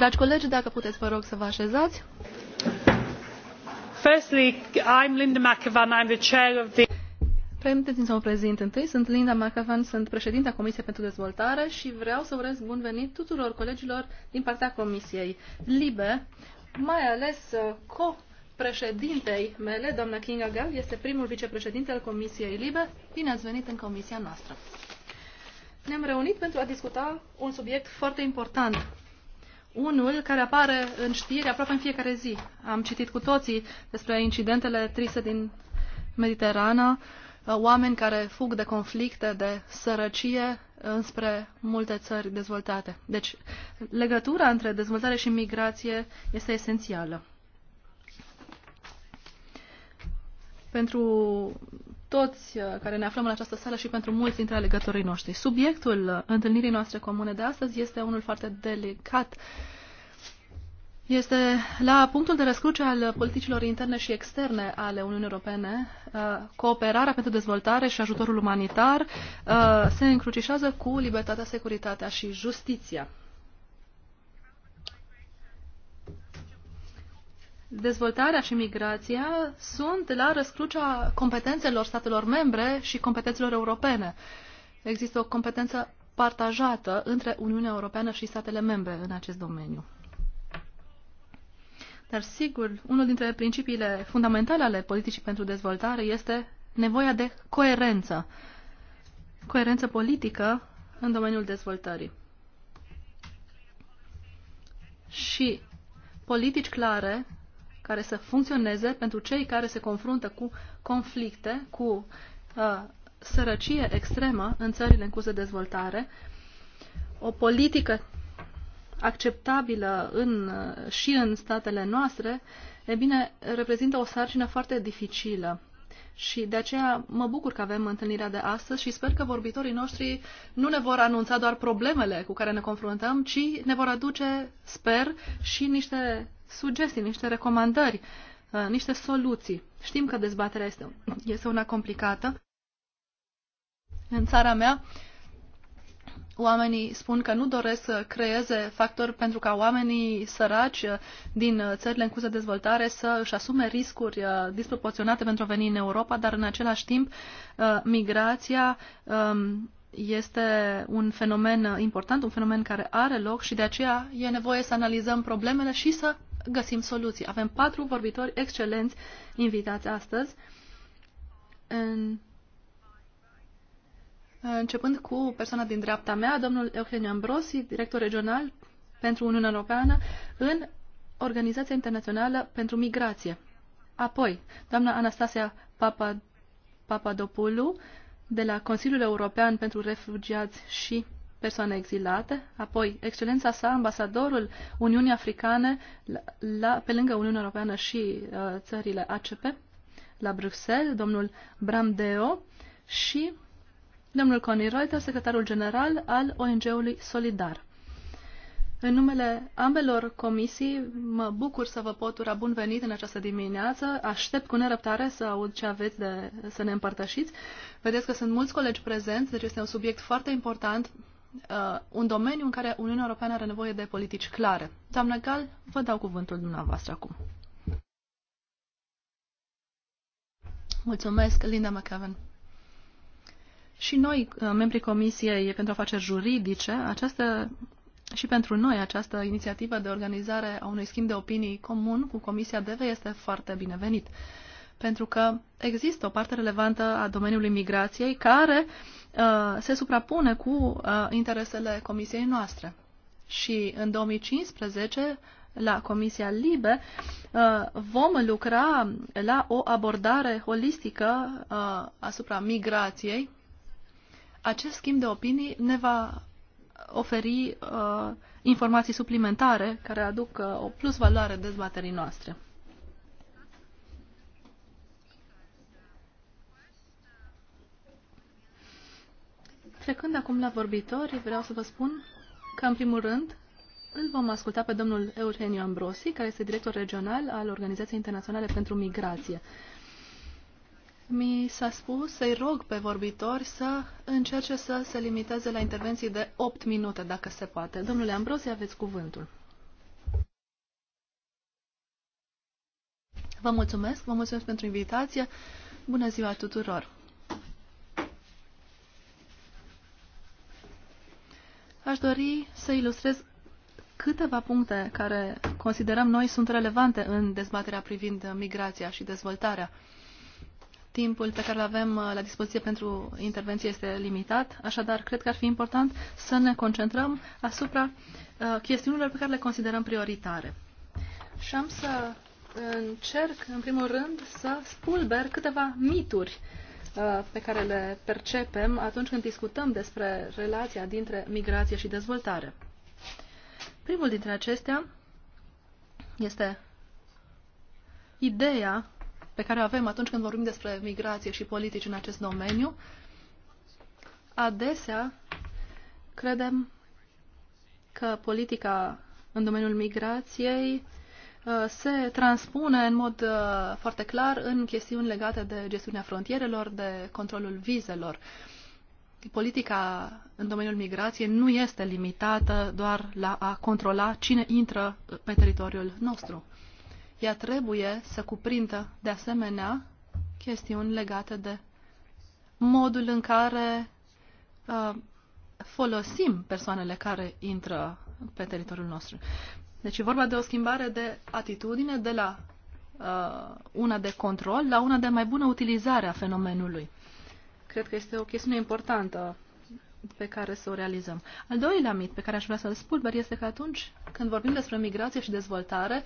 Dragi colegi, dacă puteți, vă rog să vă așezați. Firstly, I'm Linda McAvan, I'm the chair of the Permiteți-mi să mă prezint întâi. Sunt Linda McAvan, sunt președinta Comisiei pentru Dezvoltare și vreau să urez bun venit tuturor colegilor din partea Comisiei LIBE, mai ales uh, co președintei mele, doamna Kinga Gal, este primul vicepreședinte al Comisiei Libe. Bine ați venit în comisia noastră! ne-am reunit pentru a discuta un subiect foarte important. Unul care apare în știri aproape în fiecare zi. Am citit cu toții despre incidentele triste din Mediterana, uh, oameni care fug de conflicte, de sărăcie înspre multe țări dezvoltate. Deci, legătura între dezvoltare și migrație este esențială. Pentru toți uh, care ne aflăm în această sală și pentru mulți dintre alegătorii noștri. Subiectul uh, întâlnirii noastre comune de astăzi este unul foarte delicat. Este la punctul de răscruce al politicilor interne și externe ale Uniunii Europene. Uh, cooperarea pentru dezvoltare și ajutorul umanitar se încrucișează cu libertatea, securitatea și justiția. dezvoltarea și migrația sunt la răscrucea competențelor statelor membre și competențelor europene. Există o competență partajată între Uniunea Europeană și statele membre în acest domeniu. Dar sigur, unul dintre principiile fundamentale ale politicii pentru dezvoltare este nevoia de coerență. Coerență politică în domeniul dezvoltării. Și politici clare care să funcționeze pentru cei care se confruntă cu conflicte, cu uh, sărăcie extremă în țările în curs de dezvoltare, o politică acceptabilă în, uh, și în statele noastre, e bine, reprezintă o sarcină foarte dificilă. Și de aceea mă bucur că avem întâlnirea de astăzi și sper că vorbitorii noștri nu ne vor anunța doar problemele cu care ne confruntăm, ci ne vor aduce, sper, și niște sugestii, niște recomandări, uh, niște soluții. Știm că dezbaterea este, este una complicată. În țara mea, oamenii spun că nu doresc să creeze factori pentru ca oamenii săraci uh, din țările în curs de dezvoltare să își asume riscuri uh, disproporționate pentru a veni în Europa, dar în același timp migrația um, este un fenomen important, un fenomen care are loc și de aceea e nevoie să analizăm problemele și să găsim soluții. Avem patru vorbitori excelenți invitați astăzi, în, începând cu persoana din dreapta mea, domnul Eugeniu Ambrosi, director regional pentru Uniunea Europeană în Organizația Internațională pentru Migrație. Apoi, doamna Anastasia Papa, Papadopoulou, de la Consiliul European pentru Refugiați și persoane exilate, apoi excelența sa, ambasadorul Uniunii Africane la, la, pe lângă Uniunea Europeană și uh, țările ACP la Bruxelles, domnul Bramdeo și domnul Connie Reuter, secretarul general al ONG-ului Solidar. În numele ambelor comisii, mă bucur să vă pot ura bun venit în această dimineață. Aștept cu nerăbdare să aud ce aveți de, să ne împărtășiți. Vedeți că sunt mulți colegi prezenți, deci este un subiect foarte important uh, un domeniu în care Uniunea Europeană are nevoie de politici clare. Doamna Gal, vă dau cuvântul dumneavoastră acum. Mulțumesc, Linda McAven. Și noi, uh, membrii Comisiei pentru Afaceri Juridice, această, și pentru noi această inițiativă de organizare a unui schimb de opinii comun cu Comisia DV este foarte binevenit pentru că există o parte relevantă a domeniului migrației care uh, se suprapune cu uh, interesele comisiei noastre. Și în 2015, la Comisia Libe, uh, vom lucra la o abordare holistică asupra migrației. Acest schimb de opinii ne va oferi informații suplimentare care aduc o plus valoare dezbaterii noastre. Trecând acum la vorbitori, vreau să vă spun că, în primul rând, îl vom asculta pe domnul Eugenio Ambrosi, care este director regional al Organizației Internaționale pentru Migrație. Mi s-a spus să-i rog pe vorbitori să încerce să se limiteze la intervenții de 8 minute, dacă se poate. Domnule Ambrosi, aveți cuvântul. Vă mulțumesc, vă mulțumesc pentru invitație. Bună ziua tuturor! Aș dori să ilustrez câteva puncte care considerăm noi sunt relevante în dezbaterea privind migrația și dezvoltarea. Timpul pe care îl avem uh, la dispoziție pentru intervenție este limitat, așadar cred că ar fi important să ne concentrăm asupra uh, chestiunilor pe care le considerăm prioritare. Și am să uh, încerc, în primul rând, să spulber câteva mituri uh, Uh, pe care le percepem atunci când discutăm despre relația dintre migrație și dezvoltare. Primul dintre acestea este ideea pe care o avem atunci când vorbim despre migrație și politici în acest domeniu. Adesea credem că politica în domeniul migrației Uh, se transpune în mod uh, foarte clar în chestiuni legate de gestiunea frontierelor, de controlul vizelor. Politica în domeniul migrației nu este limitată doar la a controla cine intră pe teritoriul nostru. Ea trebuie să cuprindă, de asemenea, chestiuni legate de modul în care uh, folosim persoanele care intră pe teritoriul nostru. Deci e vorba de o schimbare de atitudine de la uh, una de control la una de mai bună utilizare a fenomenului. Cred că este o chestiune importantă pe care să o realizăm. Al doilea mit pe care aș vrea să-l spulber este că atunci când vorbim despre migrație și dezvoltare,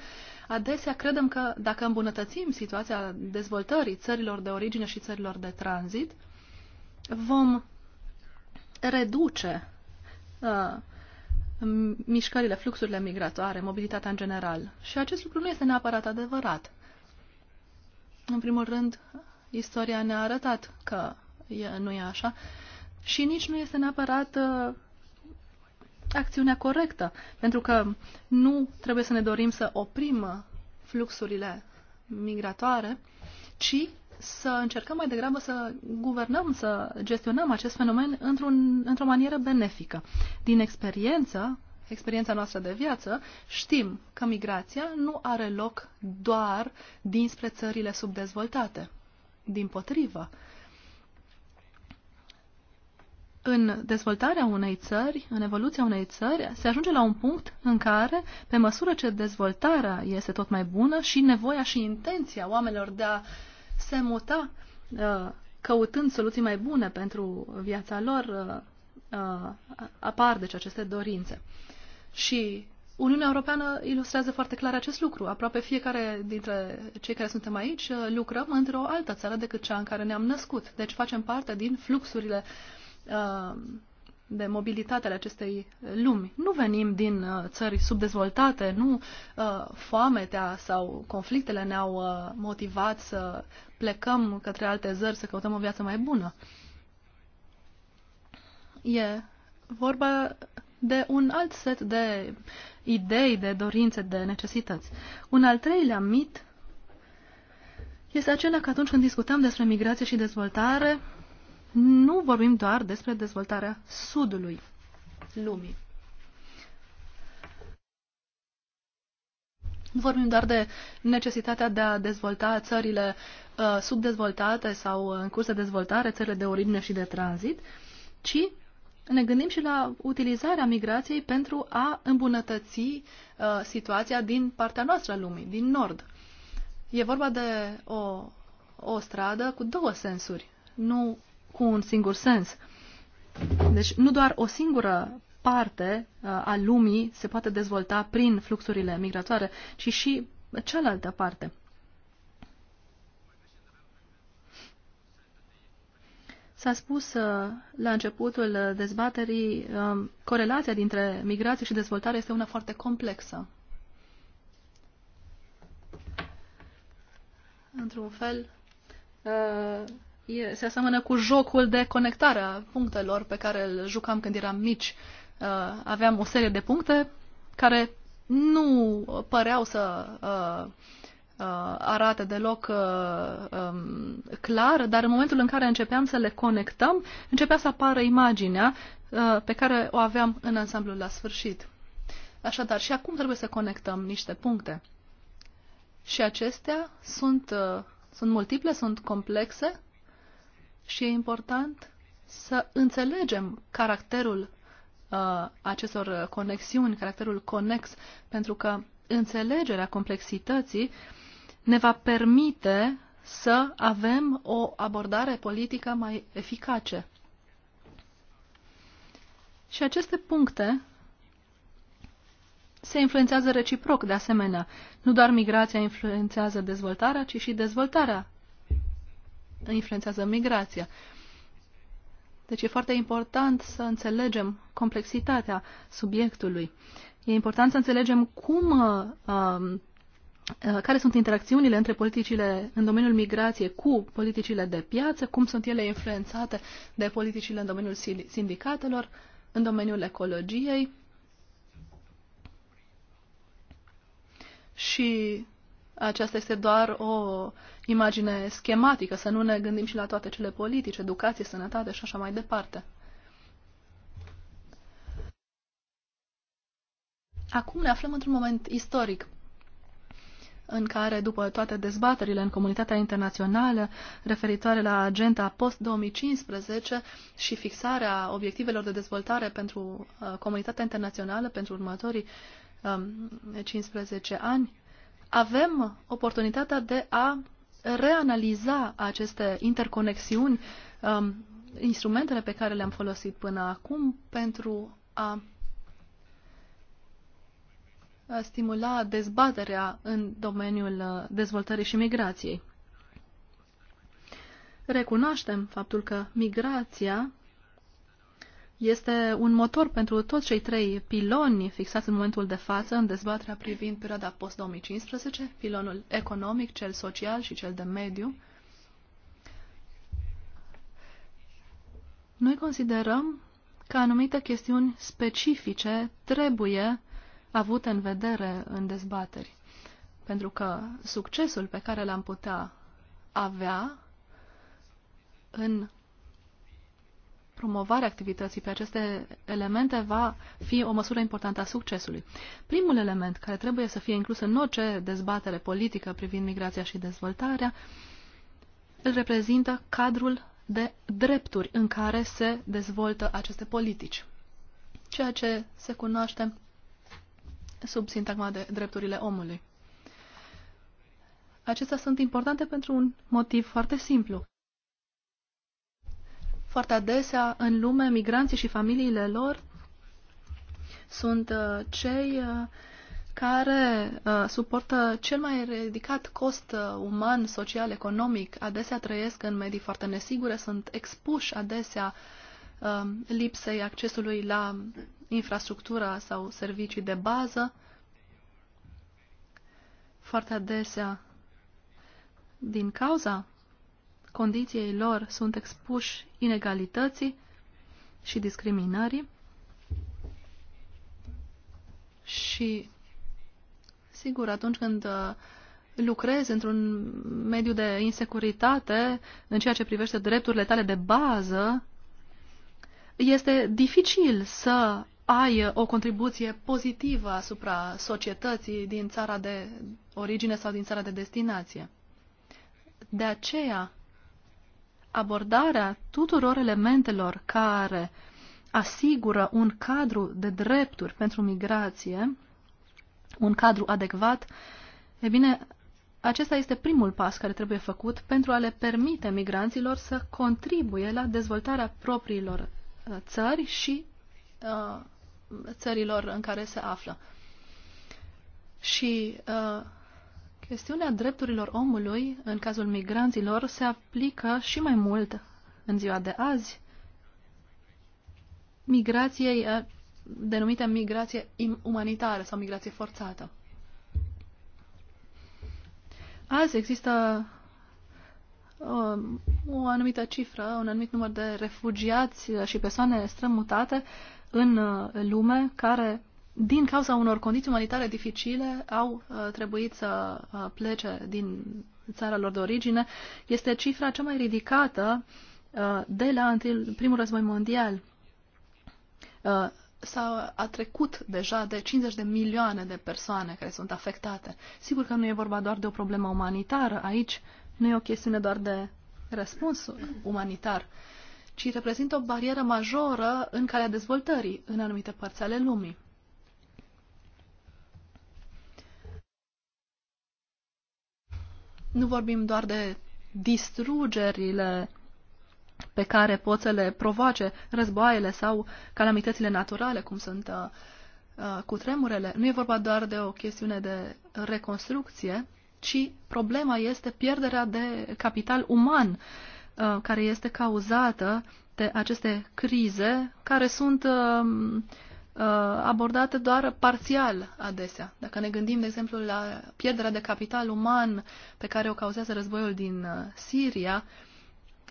adesea credem că dacă îmbunătățim situația dezvoltării țărilor de origine și țărilor de tranzit, vom reduce uh, mișcările, fluxurile migratoare, mobilitatea în general. Și acest lucru nu este neapărat adevărat. În primul rând, istoria ne-a arătat că e, nu e așa și nici nu este neapărat uh, acțiunea corectă, pentru că nu trebuie să ne dorim să oprim fluxurile migratoare, ci să încercăm mai degrabă să guvernăm, să gestionăm acest fenomen într-un, într-o manieră benefică. Din experiență, experiența noastră de viață, știm că migrația nu are loc doar dinspre țările subdezvoltate. Din potrivă, în dezvoltarea unei țări, în evoluția unei țări, se ajunge la un punct în care, pe măsură ce dezvoltarea este tot mai bună și nevoia și intenția oamenilor de a se muta uh, căutând soluții mai bune pentru viața lor, uh, uh, apar deci aceste dorințe. Și Uniunea Europeană ilustrează foarte clar acest lucru. Aproape fiecare dintre cei care suntem aici lucrăm într-o altă țară decât cea în care ne-am născut. Deci facem parte din fluxurile uh, de mobilitate ale acestei lumi. Nu venim din uh, țări subdezvoltate, nu uh, foametea sau conflictele ne-au uh, motivat să plecăm către alte țări să căutăm o viață mai bună. E vorba de un alt set de idei, de dorințe, de necesități. Un al treilea mit este acela că atunci când discutăm despre migrație și dezvoltare, nu vorbim doar despre dezvoltarea sudului lumii. Nu vorbim doar de necesitatea de a dezvolta țările uh, subdezvoltate sau în curs de dezvoltare, țările de origine și de tranzit, ci ne gândim și la utilizarea migrației pentru a îmbunătăți uh, situația din partea noastră a lumii, din nord. E vorba de o, o stradă cu două sensuri. Nu cu un singur sens. Deci nu doar o singură parte uh, a lumii se poate dezvolta prin fluxurile migratoare, ci și cealaltă parte. S-a spus uh, la începutul dezbaterii, um, corelația dintre migrație și dezvoltare este una foarte complexă. Într-un fel, uh, e, se asemănă cu jocul de conectare a punctelor pe care îl jucam când eram mici. Uh, aveam o serie de puncte care nu păreau să uh, uh, arate deloc uh, um, clar, dar în momentul în care începeam să le conectăm, începea să apară imaginea uh, pe care o aveam în ansamblu la sfârșit. Așadar, și acum trebuie să conectăm niște puncte. Și acestea sunt, uh, sunt multiple, sunt complexe și e important să înțelegem caracterul uh, acestor conexiuni, caracterul conex, pentru că înțelegerea complexității ne va permite să avem o abordare politică mai eficace. Și aceste puncte se influențează reciproc, de asemenea. Nu doar migrația influențează dezvoltarea, ci și dezvoltarea influențează migrația. Deci e foarte important să înțelegem complexitatea subiectului. E important să înțelegem cum, uh, uh, care sunt interacțiunile între politicile în domeniul migrație cu politicile de piață, cum sunt ele influențate de politicile în domeniul sindicatelor, în domeniul ecologiei și aceasta este doar o imagine schematică, să nu ne gândim și la toate cele politice, educație, sănătate și așa mai departe. Acum ne aflăm într-un moment istoric în care, după toate dezbaterile în comunitatea internațională referitoare la agenda post-2015 și fixarea obiectivelor de dezvoltare pentru uh, comunitatea internațională pentru următorii um, 15 ani, avem oportunitatea de a reanaliza aceste interconexiuni, um, instrumentele pe care le-am folosit până acum pentru a stimula dezbaterea în domeniul uh, dezvoltării și migrației. Recunoaștem faptul că migrația este un motor pentru toți cei trei piloni fixați în momentul de față în dezbaterea privind perioada post-2015, pilonul economic, cel social și cel de mediu. Noi considerăm că anumite chestiuni specifice trebuie avute în vedere în dezbateri, pentru că succesul pe care l-am putea avea în promovarea activității pe aceste elemente va fi o măsură importantă a succesului. Primul element care trebuie să fie inclus în orice dezbatere politică privind migrația și dezvoltarea îl reprezintă cadrul de drepturi în care se dezvoltă aceste politici, ceea ce se cunoaște sub sintagma de drepturile omului. Acestea sunt importante pentru un motiv foarte simplu. Foarte adesea, în lume, migranții și familiile lor sunt uh, cei uh, care uh, suportă cel mai ridicat cost uman, social, economic. Adesea trăiesc în medii foarte nesigure, sunt expuși adesea um, lipsei accesului la infrastructura sau servicii de bază. Foarte adesea, din cauza condiției lor sunt expuși inegalității și discriminării și, sigur, atunci când uh, lucrezi într-un mediu de insecuritate în ceea ce privește drepturile tale de bază, este dificil să ai uh, o contribuție pozitivă asupra societății din țara de origine sau din țara de destinație. De aceea, abordarea tuturor elementelor care asigură un cadru de drepturi pentru migrație, un cadru adecvat, e bine, acesta este primul pas care trebuie făcut pentru a le permite migranților să contribuie la dezvoltarea propriilor uh, țări și uh, țărilor în care se află. Și uh, Chestiunea drepturilor omului în cazul migranților se aplică și mai mult în ziua de azi migrației denumită migrație umanitară sau migrație forțată. Azi există um, o anumită cifră, un anumit număr de refugiați și persoane strămutate în uh, lume care din cauza unor condiții umanitare dificile, au uh, trebuit să uh, plece din țara lor de origine. Este cifra cea mai ridicată uh, de la primul război mondial. Uh, s-a a trecut deja de 50 de milioane de persoane care sunt afectate. Sigur că nu e vorba doar de o problemă umanitară aici, nu e o chestiune doar de răspuns umanitar, ci reprezintă o barieră majoră în calea dezvoltării în anumite părți ale lumii. Nu vorbim doar de distrugerile pe care pot să le provoace războaiele sau calamitățile naturale, cum sunt uh, cu tremurele. Nu e vorba doar de o chestiune de reconstrucție, ci problema este pierderea de capital uman uh, care este cauzată de aceste crize care sunt uh, Uh, abordate doar parțial adesea. Dacă ne gândim, de exemplu, la pierderea de capital uman pe care o cauzează războiul din uh, Siria,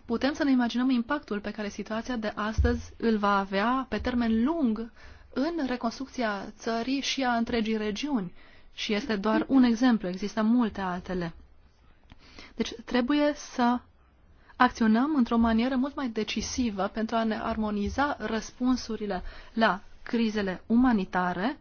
putem să ne imaginăm impactul pe care situația de astăzi îl va avea pe termen lung în reconstrucția țării și a întregii regiuni. Și este doar un exemplu, există multe altele. Deci trebuie să acționăm într-o manieră mult mai decisivă pentru a ne armoniza răspunsurile la crizele umanitare,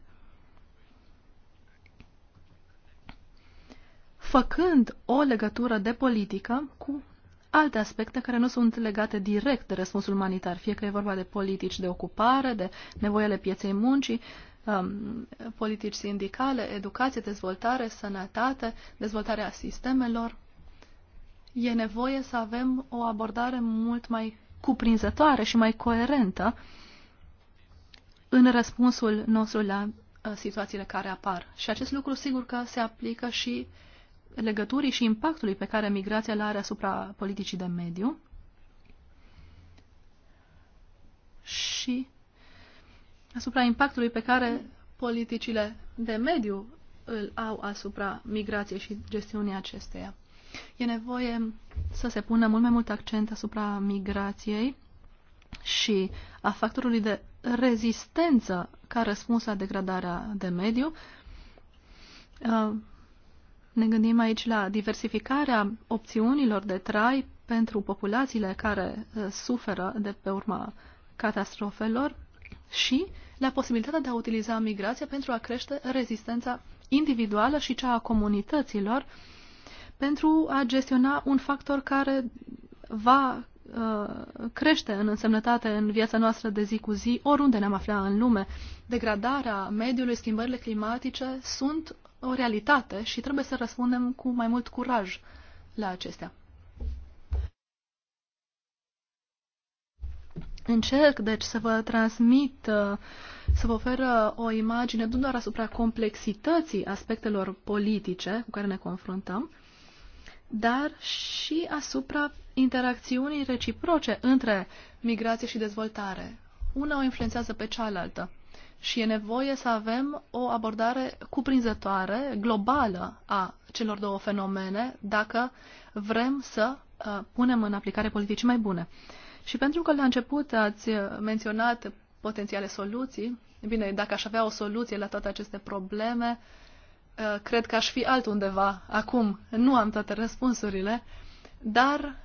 făcând o legătură de politică cu alte aspecte care nu sunt legate direct de răspunsul umanitar, fie că e vorba de politici de ocupare, de nevoile pieței muncii, um, politici sindicale, educație, dezvoltare, sănătate, dezvoltarea sistemelor. E nevoie să avem o abordare mult mai cuprinzătoare și mai coerentă uh, în răspunsul nostru la uh, situațiile care apar. Și acest lucru sigur că se aplică și legăturii și impactului pe care migrația le are asupra politicii de mediu. Și asupra impactului pe care politicile de mediu îl au asupra migrației și gestiunii acesteia. E nevoie să se pună mult mai mult accent asupra migrației și a factorului de rezistență ca răspuns la degradarea de mediu. Uh, ne gândim aici la diversificarea opțiunilor de trai pentru populațiile care uh, suferă de pe urma catastrofelor și la posibilitatea de a utiliza migrația pentru a crește rezistența individuală și cea a comunităților pentru a gestiona un factor care va Uh, crește în însemnătate în viața noastră de zi cu zi, oriunde ne-am afla în lume. Degradarea mediului, schimbările climatice sunt o realitate și trebuie să răspundem cu mai mult curaj la acestea. Încerc, deci, să vă transmit, uh, să vă ofer uh, o imagine nu doar asupra complexității aspectelor politice cu care ne confruntăm, dar și asupra interacțiunii reciproce între migrație și dezvoltare. Una o influențează pe cealaltă și e nevoie să avem o abordare cuprinzătoare, globală a celor două fenomene dacă vrem să uh, punem în aplicare politici mai bune. Și pentru că la început ați menționat potențiale soluții, bine, dacă aș avea o soluție la toate aceste probleme, uh, cred că aș fi altundeva acum. Nu am toate răspunsurile, dar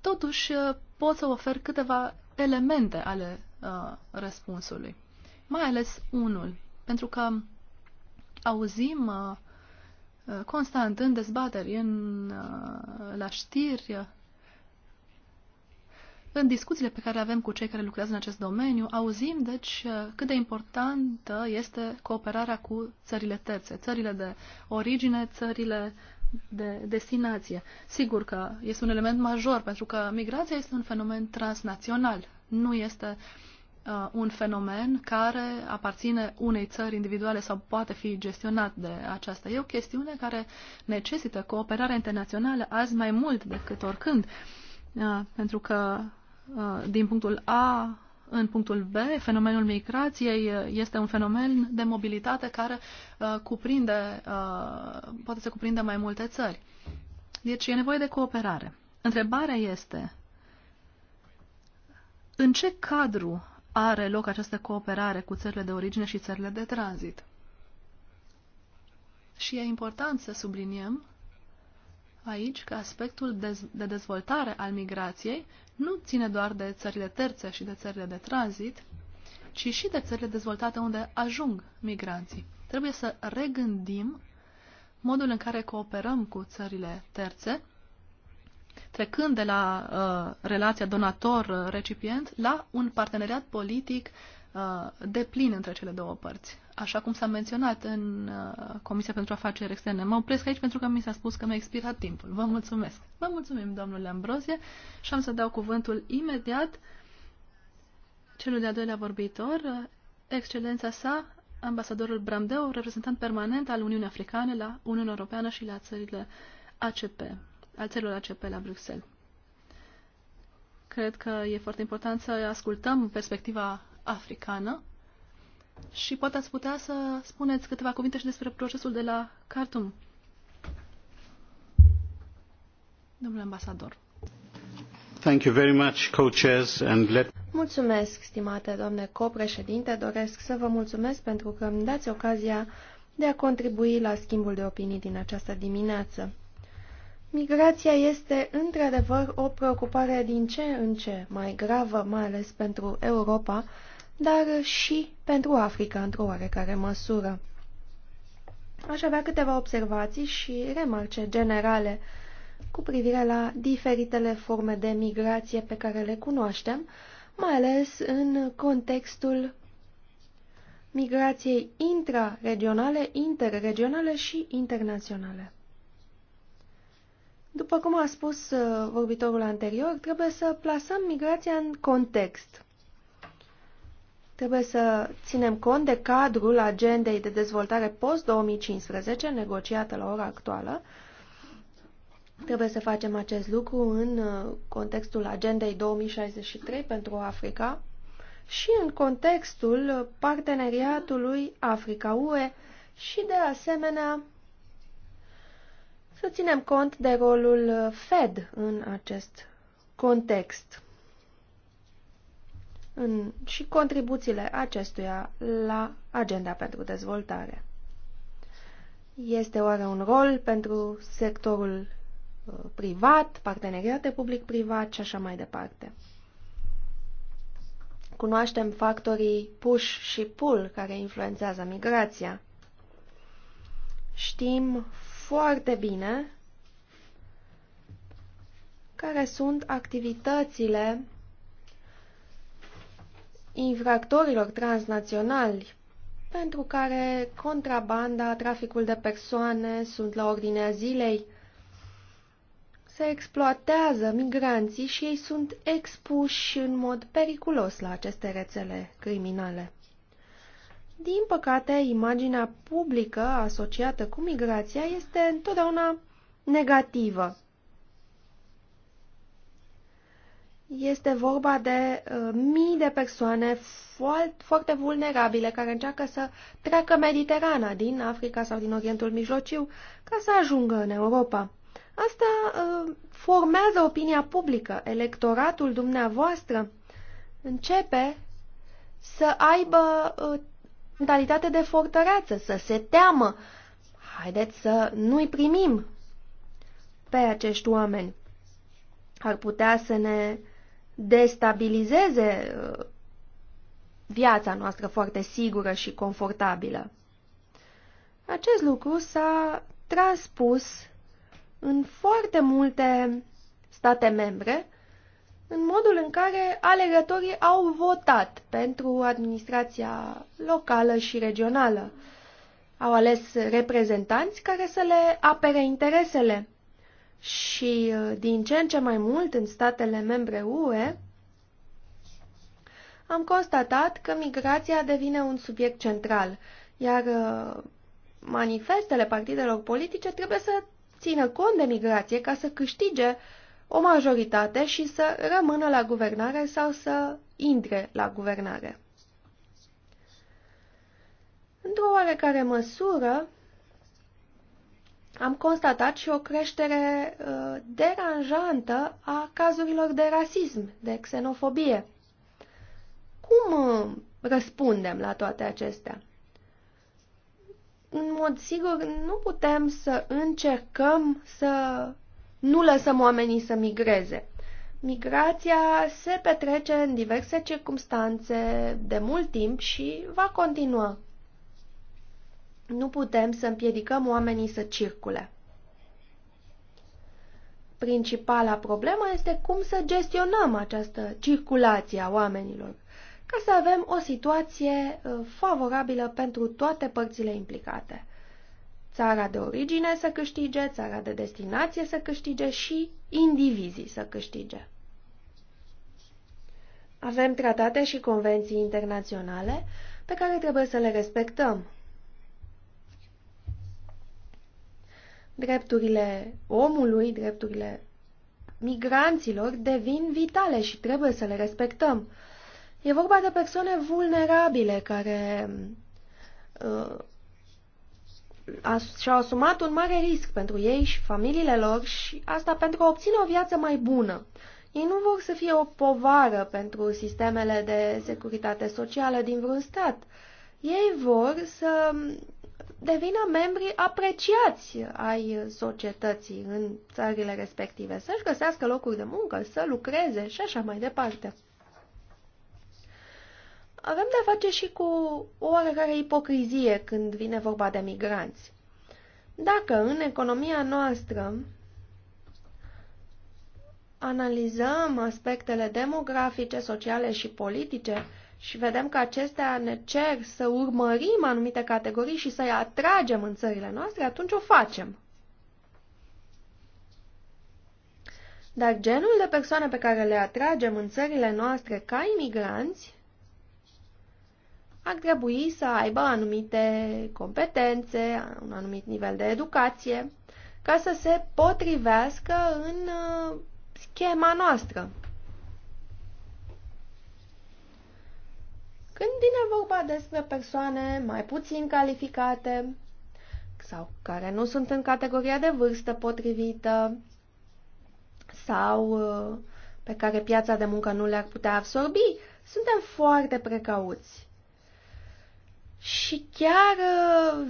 totuși uh, pot să ofer câteva elemente ale uh, răspunsului. Mai ales unul, pentru că auzim uh, uh, constant în dezbateri, în, uh, la știri, în discuțiile pe care le avem cu cei care lucrează în acest domeniu, auzim, deci, uh, cât de importantă este cooperarea cu țările terțe, țările de origine, țările de destinație. Sigur că este un element major, pentru că migrația este un fenomen transnațional. Nu este uh, un fenomen care aparține unei țări individuale sau poate fi gestionat de aceasta. E o chestiune care necesită cooperarea internațională azi mai mult decât oricând, uh, pentru că uh, din punctul A în punctul B, fenomenul migrației eh, este un fenomen de mobilitate care eh, cuprinde, eh, poate să cuprinde mai multe țări. Deci e nevoie de cooperare. Întrebarea este, în ce cadru are loc această cooperare cu țările de origine și țările de tranzit? Și e important să subliniem aici că aspectul de dezvoltare al migrației nu ține doar de țările terțe și de țările de tranzit, ci și de țările dezvoltate unde ajung migranții. Trebuie să regândim modul în care cooperăm cu țările terțe, trecând de la uh, relația donator-recipient la un parteneriat politic uh, de plin între cele două părți așa cum s-a menționat în uh, Comisia pentru Afaceri Externe. Mă opresc aici pentru că mi s-a spus că mi-a expirat timpul. Vă mulțumesc. Vă mulțumim, domnule Ambrozie, și am să dau cuvântul imediat celui de-al doilea vorbitor, uh, excelența sa, ambasadorul Bramdeu, reprezentant permanent al Uniunii Africane la Uniunea Europeană și la țările ACP, al țărilor ACP la Bruxelles. Cred că e foarte important să ascultăm perspectiva africană și poate ați putea să spuneți câteva cuvinte și despre procesul de la Khartoum. Domnule ambasador. Thank you very much, co-chairs, and let... Mulțumesc, stimate domnule copreședinte. Doresc să vă mulțumesc pentru că îmi dați ocazia de a contribui la schimbul de opinii din această dimineață. Migrația este într-adevăr o preocupare din ce în ce mai gravă, mai ales pentru Europa, dar și pentru Africa, într-o oarecare măsură. Aș avea câteva observații și remarce generale cu privire la diferitele forme de migrație pe care le cunoaștem, mai ales în contextul migrației intraregionale, interregionale și internaționale. După cum a spus uh, vorbitorul anterior, trebuie să plasăm migrația în context. Trebuie să ținem cont de cadrul agendei de dezvoltare post-2015, negociată la ora actuală. Trebuie să facem acest lucru în uh, contextul agendei 2063 pentru Africa și în contextul parteneriatului Africa-UE și, de asemenea, să ținem cont de rolul Fed în acest context în, și contribuțiile acestuia la agenda pentru dezvoltare. Este oare un rol pentru sectorul uh, privat, parteneriate public-privat și așa mai departe. Cunoaștem factorii push și pull care influențează migrația. Știm foarte bine care sunt activitățile infractorilor transnaționali, pentru care contrabanda, traficul de persoane sunt la ordinea zilei. Se exploatează migranții și ei sunt expuși în mod periculos la aceste rețele criminale. Din păcate, imaginea publică asociată cu migrația este întotdeauna negativă. Este vorba de uh, mii de persoane foarte, foarte vulnerabile care încearcă să treacă Mediterana din Africa sau din Orientul Mijlociu ca să ajungă în Europa. Asta uh, formează opinia publică. Electoratul dumneavoastră începe să aibă uh, mentalitate de fortăreață, să se teamă. Haideți să nu-i primim pe acești oameni. Ar putea să ne destabilizeze uh, viața noastră foarte sigură și confortabilă. Acest lucru s-a transpus în foarte multe state membre, în modul în care alegătorii au votat pentru administrația locală și regională. Au ales reprezentanți care să le apere interesele și uh, din ce în ce mai mult în statele membre UE, am constatat că migrația devine un subiect central, iar uh, manifestele partidelor politice trebuie să țină cont de migrație ca să câștige o majoritate și să rămână la guvernare sau să intre la guvernare. Într-o oarecare măsură, am constatat și o creștere uh, deranjantă a cazurilor de rasism, de xenofobie. Cum uh, răspundem la toate acestea? În mod sigur, nu putem să încercăm să nu lăsăm oamenii să migreze. Migrația se petrece în diverse circumstanțe de mult timp și va continua. Nu putem să împiedicăm oamenii să circule. Principala problemă este cum să gestionăm această circulație a oamenilor, ca să avem o situație uh, favorabilă pentru toate părțile implicate. Țara de origine să câștige, țara de destinație să câștige și indivizii să câștige. Avem tratate și convenții internaționale pe care trebuie să le respectăm. drepturile omului, drepturile migranților devin vitale și trebuie să le respectăm. E vorba de persoane vulnerabile care uh, și-au asumat un mare risc pentru ei și familiile lor și asta pentru a obține o viață mai bună. Ei nu vor să fie o povară pentru sistemele de securitate socială din vreun stat. Ei vor să devină membri apreciați ai societății în țările respective, să-și găsească locuri de muncă, să lucreze și așa mai departe. Avem de-a face și cu o oarecare ipocrizie când vine vorba de migranți. Dacă în economia noastră analizăm aspectele demografice, sociale și politice, și vedem că acestea ne cer să urmărim anumite categorii și să-i atragem în țările noastre, atunci o facem. Dar genul de persoane pe care le atragem în țările noastre ca imigranți ar trebui să aibă anumite competențe, un anumit nivel de educație, ca să se potrivească în uh, schema noastră. Când vine vorba despre persoane mai puțin calificate sau care nu sunt în categoria de vârstă potrivită sau uh, pe care piața de muncă nu le-ar putea absorbi, suntem foarte precauți. Și chiar uh,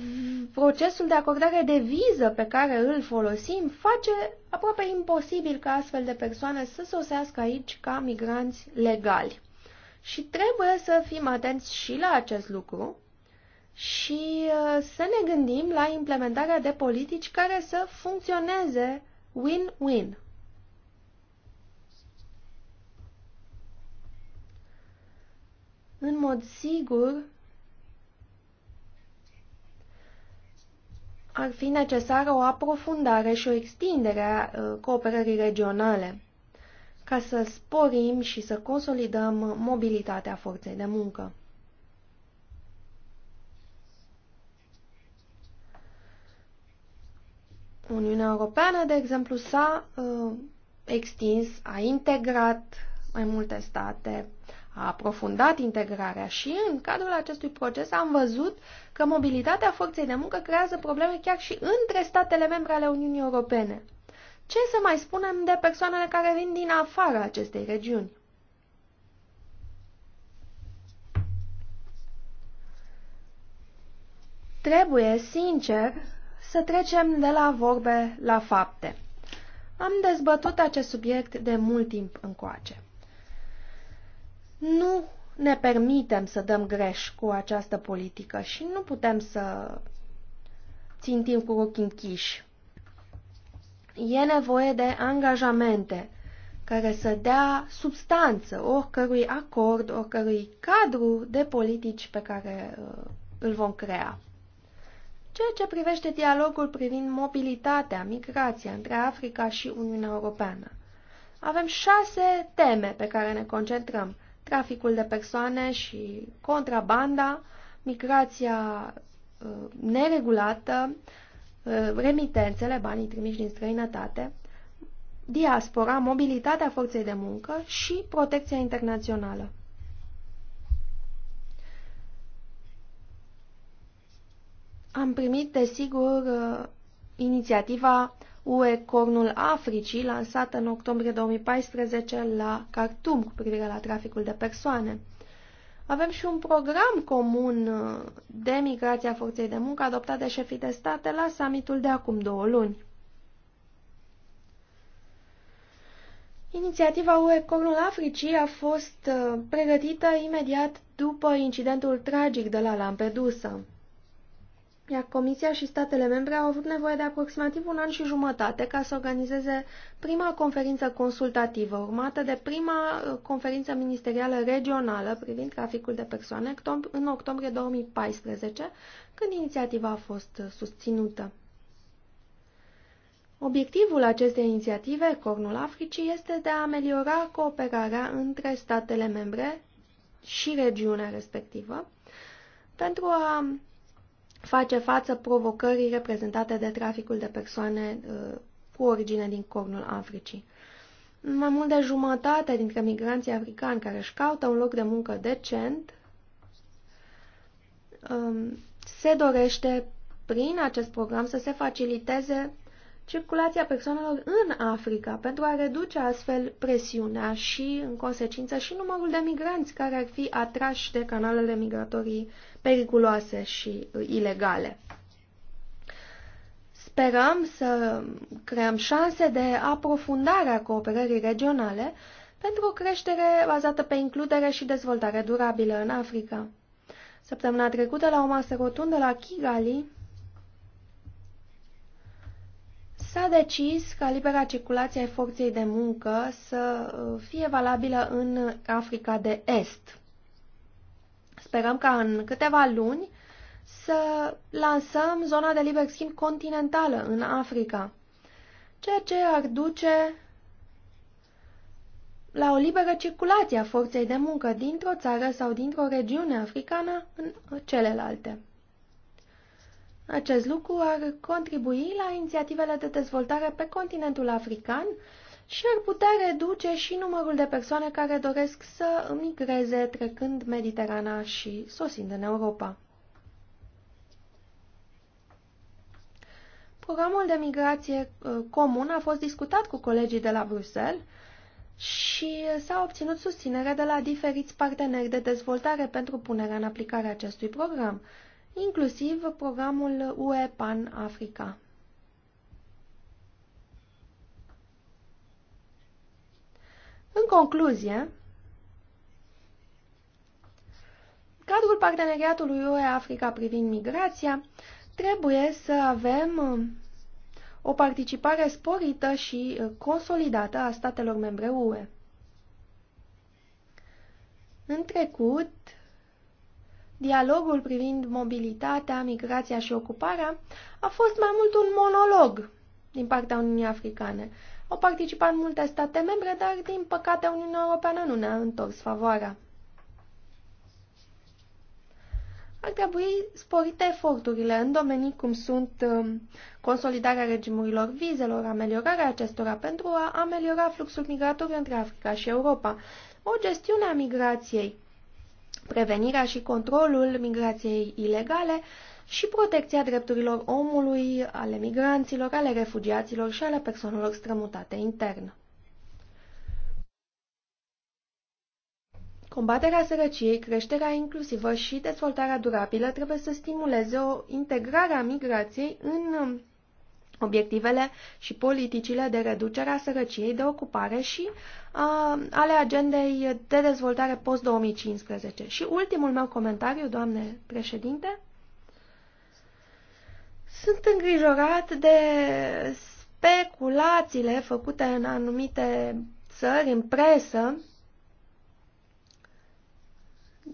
procesul de acordare de viză pe care îl folosim face aproape imposibil ca astfel de persoane să sosească aici ca migranți legali. Și trebuie să fim atenți și la acest lucru și uh, să ne gândim la implementarea de politici care să funcționeze win-win. În mod sigur, ar fi necesară o aprofundare și o extindere a uh, cooperării regionale ca să sporim și să consolidăm mobilitatea forței de muncă. Uniunea Europeană, de exemplu, s-a uh, extins, a integrat mai multe state, a aprofundat integrarea și în cadrul acestui proces am văzut că mobilitatea forței de muncă creează probleme chiar și între statele membre ale Uniunii Europene. Ce să mai spunem de persoanele care vin din afara acestei regiuni? Trebuie, sincer, să trecem de la vorbe la fapte. Am dezbătut acest subiect de mult timp încoace. Nu ne permitem să dăm greș cu această politică și nu putem să țintim cu ochii închiși. E nevoie de angajamente care să dea substanță oricărui acord, oricărui cadru de politici pe care uh, îl vom crea. Ceea ce privește dialogul privind mobilitatea, migrația între Africa și Uniunea Europeană. Avem șase teme pe care ne concentrăm. Traficul de persoane și contrabanda, migrația uh, neregulată, Uh, remitențele, banii trimiși din străinătate, diaspora, mobilitatea forței de muncă și protecția internațională. Am primit, desigur, uh, inițiativa UE Cornul Africii, lansată în octombrie 2014 la Khartoum cu privire la traficul de persoane. Avem și un program comun uh, de migrația forței de muncă adoptat de șefii de state la summitul de acum două luni. Inițiativa UE Cornul Africii a fost uh, pregătită imediat după incidentul tragic de la Lampedusa iar Comisia și statele membre au avut nevoie de aproximativ un an și jumătate ca să organizeze prima conferință consultativă, urmată de prima uh, conferință ministerială regională privind traficul de persoane în octombrie 2014, când inițiativa a fost uh, susținută. Obiectivul acestei inițiative, Cornul Africii, este de a ameliora cooperarea între statele membre și regiunea respectivă pentru a face față provocării reprezentate de traficul de persoane uh, cu origine din cornul Africii. Mai mult de jumătate dintre migranții africani care își caută un loc de muncă decent um, se dorește prin acest program să se faciliteze circulația persoanelor în Africa pentru a reduce astfel presiunea și, în consecință, și numărul de migranți care ar fi atrași de canalele migratorii periculoase și uh, ilegale. Sperăm să creăm șanse de aprofundare a cooperării regionale pentru o creștere bazată pe includere și dezvoltare durabilă în Africa. Săptămâna trecută, la o masă rotundă la Kigali, S-a decis ca libera circulație a forței de muncă să uh, fie valabilă în Africa de Est. Sperăm ca în câteva luni să lansăm zona de liber schimb continentală în Africa, ceea ce ar duce la o liberă circulație a forței de muncă dintr-o țară sau dintr-o regiune africană în celelalte. Acest lucru ar contribui la inițiativele de dezvoltare pe continentul african și ar putea reduce și numărul de persoane care doresc să migreze trecând Mediterana și sosind în Europa. Programul de migrație uh, comun a fost discutat cu colegii de la Bruxelles și s-a obținut susținere de la diferiți parteneri de dezvoltare pentru punerea în aplicare acestui program inclusiv programul UE Pan Africa. În concluzie, cadrul parteneriatului UE-Africa privind migrația trebuie să avem uh, o participare sporită și uh, consolidată a statelor membre UE. În trecut, Dialogul privind mobilitatea, migrația și ocuparea a fost mai mult un monolog din partea Uniunii Africane. Au participat multe state membre, dar din păcate Uniunea Europeană nu ne-a întors favoarea. Ar trebui sporite eforturile în domenii cum sunt um, consolidarea regimurilor vizelor, ameliorarea acestora pentru a ameliora fluxul migratoriu între Africa și Europa, o gestiune a migrației prevenirea și controlul migrației ilegale și protecția drepturilor omului, ale migranților, ale refugiaților și ale persoanelor strămutate intern. Combaterea sărăciei, creșterea inclusivă și dezvoltarea durabilă trebuie să stimuleze o integrare a migrației în obiectivele și politicile de reducere a sărăciei, de ocupare și uh, ale agendei de dezvoltare post-2015. Și ultimul meu comentariu, doamne președinte, sunt îngrijorat de speculațiile făcute în anumite țări, în presă,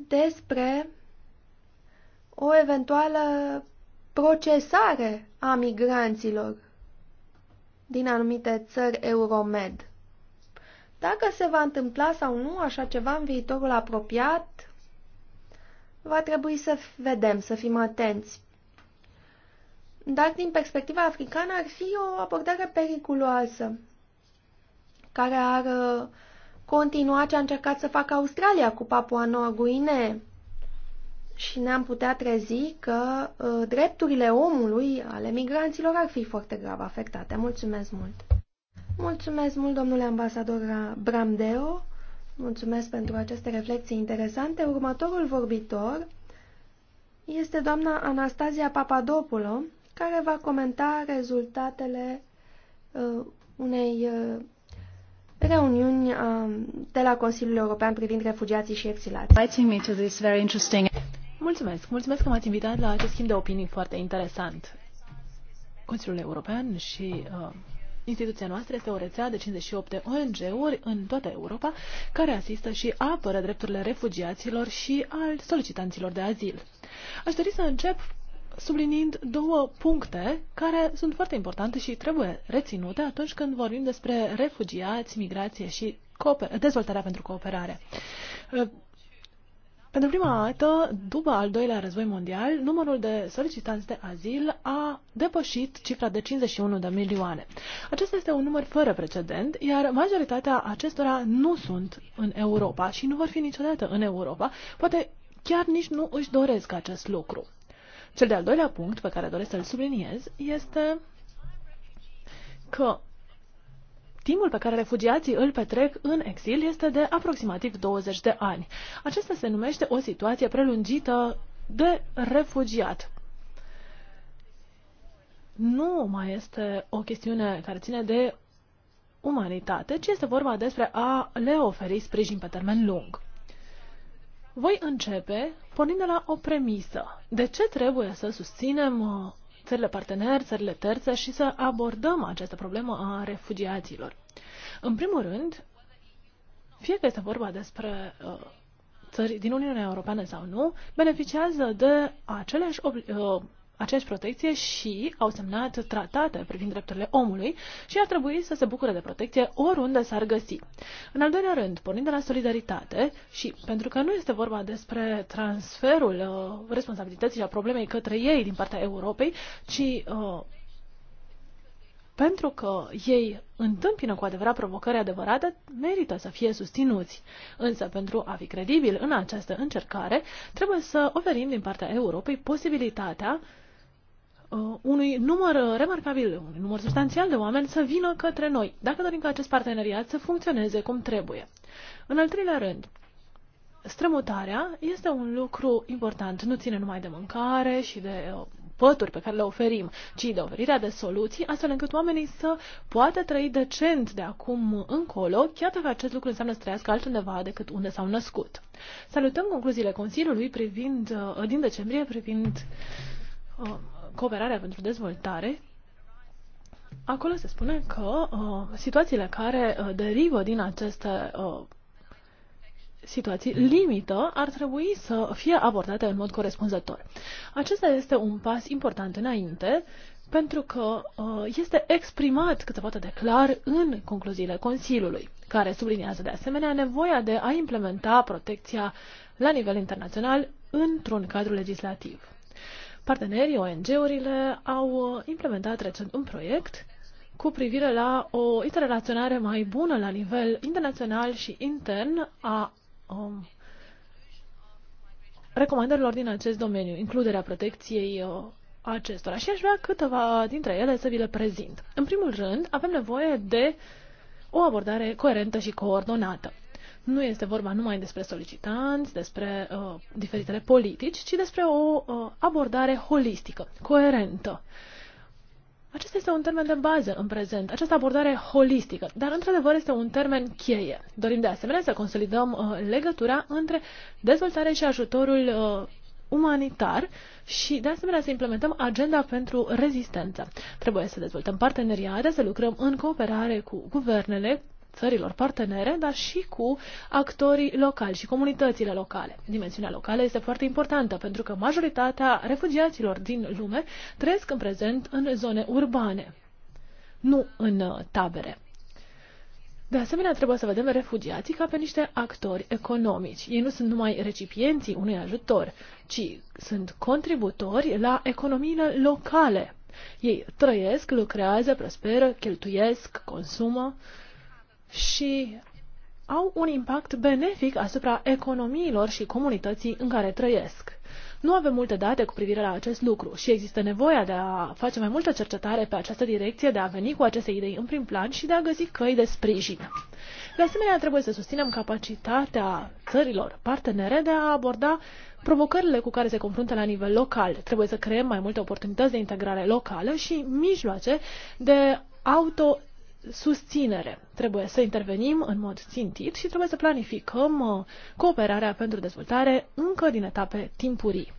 despre o eventuală procesare a migranților din anumite țări Euromed. Dacă se va întâmpla sau nu așa ceva în viitorul apropiat, va trebui să vedem, să fim atenți. Dar din perspectiva africană ar fi o abordare periculoasă, care ar uh, continua ce a încercat să facă Australia cu Papua Noua Guinee și ne-am putea trezi că uh, drepturile omului ale migranților ar fi foarte grav afectate. Mulțumesc mult! Mulțumesc mult, domnule ambasador Bramdeo! Mulțumesc pentru aceste reflexii interesante. Următorul vorbitor este doamna Anastasia Papadopulo, care va comenta rezultatele uh, unei uh, reuniuni de la Consiliul European privind refugiații și exilații. Mulțumesc! Mulțumesc că m-ați invitat la acest schimb de opinii foarte interesant. Consiliul European și uh, instituția noastră este o rețea de 58 de ONG-uri în toată Europa care asistă și apără drepturile refugiaților și al solicitanților de azil. Aș dori să încep subliniind două puncte care sunt foarte importante și trebuie reținute atunci când vorbim despre refugiați, migrație și dezvoltarea pentru cooperare. Uh, pentru prima dată, după al doilea război mondial, numărul de solicitanți de azil a depășit cifra de 51 de milioane. Acesta este un număr fără precedent, iar majoritatea acestora nu sunt în Europa și nu vor fi niciodată în Europa, poate chiar nici nu își doresc acest lucru. Cel de-al doilea punct pe care doresc să-l subliniez este că timpul pe care refugiații îl petrec în exil este de aproximativ 20 de ani. Acesta se numește o situație prelungită de refugiat. Nu mai este o chestiune care ține de umanitate, ci este vorba despre a le oferi sprijin pe termen lung. Voi începe pornind de la o premisă. De ce trebuie să susținem uh, țările parteneri, țările terțe și să abordăm această problemă a refugiaților. În primul rând, fie că este vorba despre uh, țări din Uniunea Europeană sau nu, beneficiază de aceleași uh, aceeași protecție și au semnat tratate privind drepturile omului și ar trebui să se bucure de protecție oriunde s-ar găsi. În al doilea rând, pornind de la solidaritate și pentru că nu este vorba despre transferul uh, responsabilității și a problemei către ei din partea Europei, ci uh, pentru că ei întâmpină cu adevărat provocări adevărate, merită să fie susținuți. Însă, pentru a fi credibil în această încercare, trebuie să oferim din partea Europei posibilitatea uh, unui număr remarcabil, unui număr substanțial de oameni să vină către noi, dacă dorim ca acest parteneriat să funcționeze cum trebuie. În al treilea rând, strămutarea este un lucru important. Nu ține numai de mâncare și de uh, pături pe care le oferim, ci de oferirea de soluții, astfel încât oamenii să poată trăi decent de acum încolo, chiar dacă acest lucru înseamnă să trăiască altundeva decât unde s-au născut. Salutăm concluziile Consiliului privind, uh, din decembrie privind uh, cooperarea pentru dezvoltare, acolo se spune că uh, situațiile care uh, derivă din aceste uh, situații limită ar trebui să fie abordate în mod corespunzător. Acesta este un pas important înainte pentru că uh, este exprimat cât se poate de clar în concluziile Consiliului, care subliniază de asemenea nevoia de a implementa protecția la nivel internațional într-un cadru legislativ. Partenerii, ONG-urile, au uh, implementat recent un proiect cu privire la o interrelaționare mai bună la nivel internațional și intern a um, recomandărilor din acest domeniu, includerea protecției uh, acestora. Și aș vrea câteva dintre ele să vi le prezint. În primul rând, avem nevoie de o abordare coerentă și coordonată. Nu este vorba numai despre solicitanți, despre uh, diferitele politici, ci despre o uh, abordare holistică, coerentă. Acesta este un termen de bază în prezent, această abordare holistică, dar într-adevăr este un termen cheie. Dorim de asemenea să consolidăm uh, legătura între dezvoltare și ajutorul uh, umanitar și de asemenea să implementăm agenda pentru rezistență. Trebuie să dezvoltăm parteneriate, să lucrăm în cooperare cu guvernele, țărilor partenere, dar și cu actorii locali și comunitățile locale. Dimensiunea locală este foarte importantă pentru că majoritatea refugiaților din lume trăiesc în prezent în zone urbane, nu în uh, tabere. De asemenea, trebuie să vedem refugiații ca pe niște actori economici. Ei nu sunt numai recipienții unui ajutor, ci sunt contributori la economiile locale. Ei trăiesc, lucrează, prosperă, cheltuiesc, consumă și au un impact benefic asupra economiilor și comunității în care trăiesc. Nu avem multe date cu privire la acest lucru și există nevoia de a face mai multă cercetare pe această direcție, de a veni cu aceste idei în prim plan și de a găsi căi de sprijin. De asemenea, trebuie să susținem capacitatea țărilor partenere de a aborda provocările cu care se confruntă la nivel local. Trebuie să creăm mai multe oportunități de integrare locală și mijloace de auto susținere. Trebuie să intervenim în mod țintit și trebuie să planificăm uh, cooperarea pentru dezvoltare încă din etape timpurii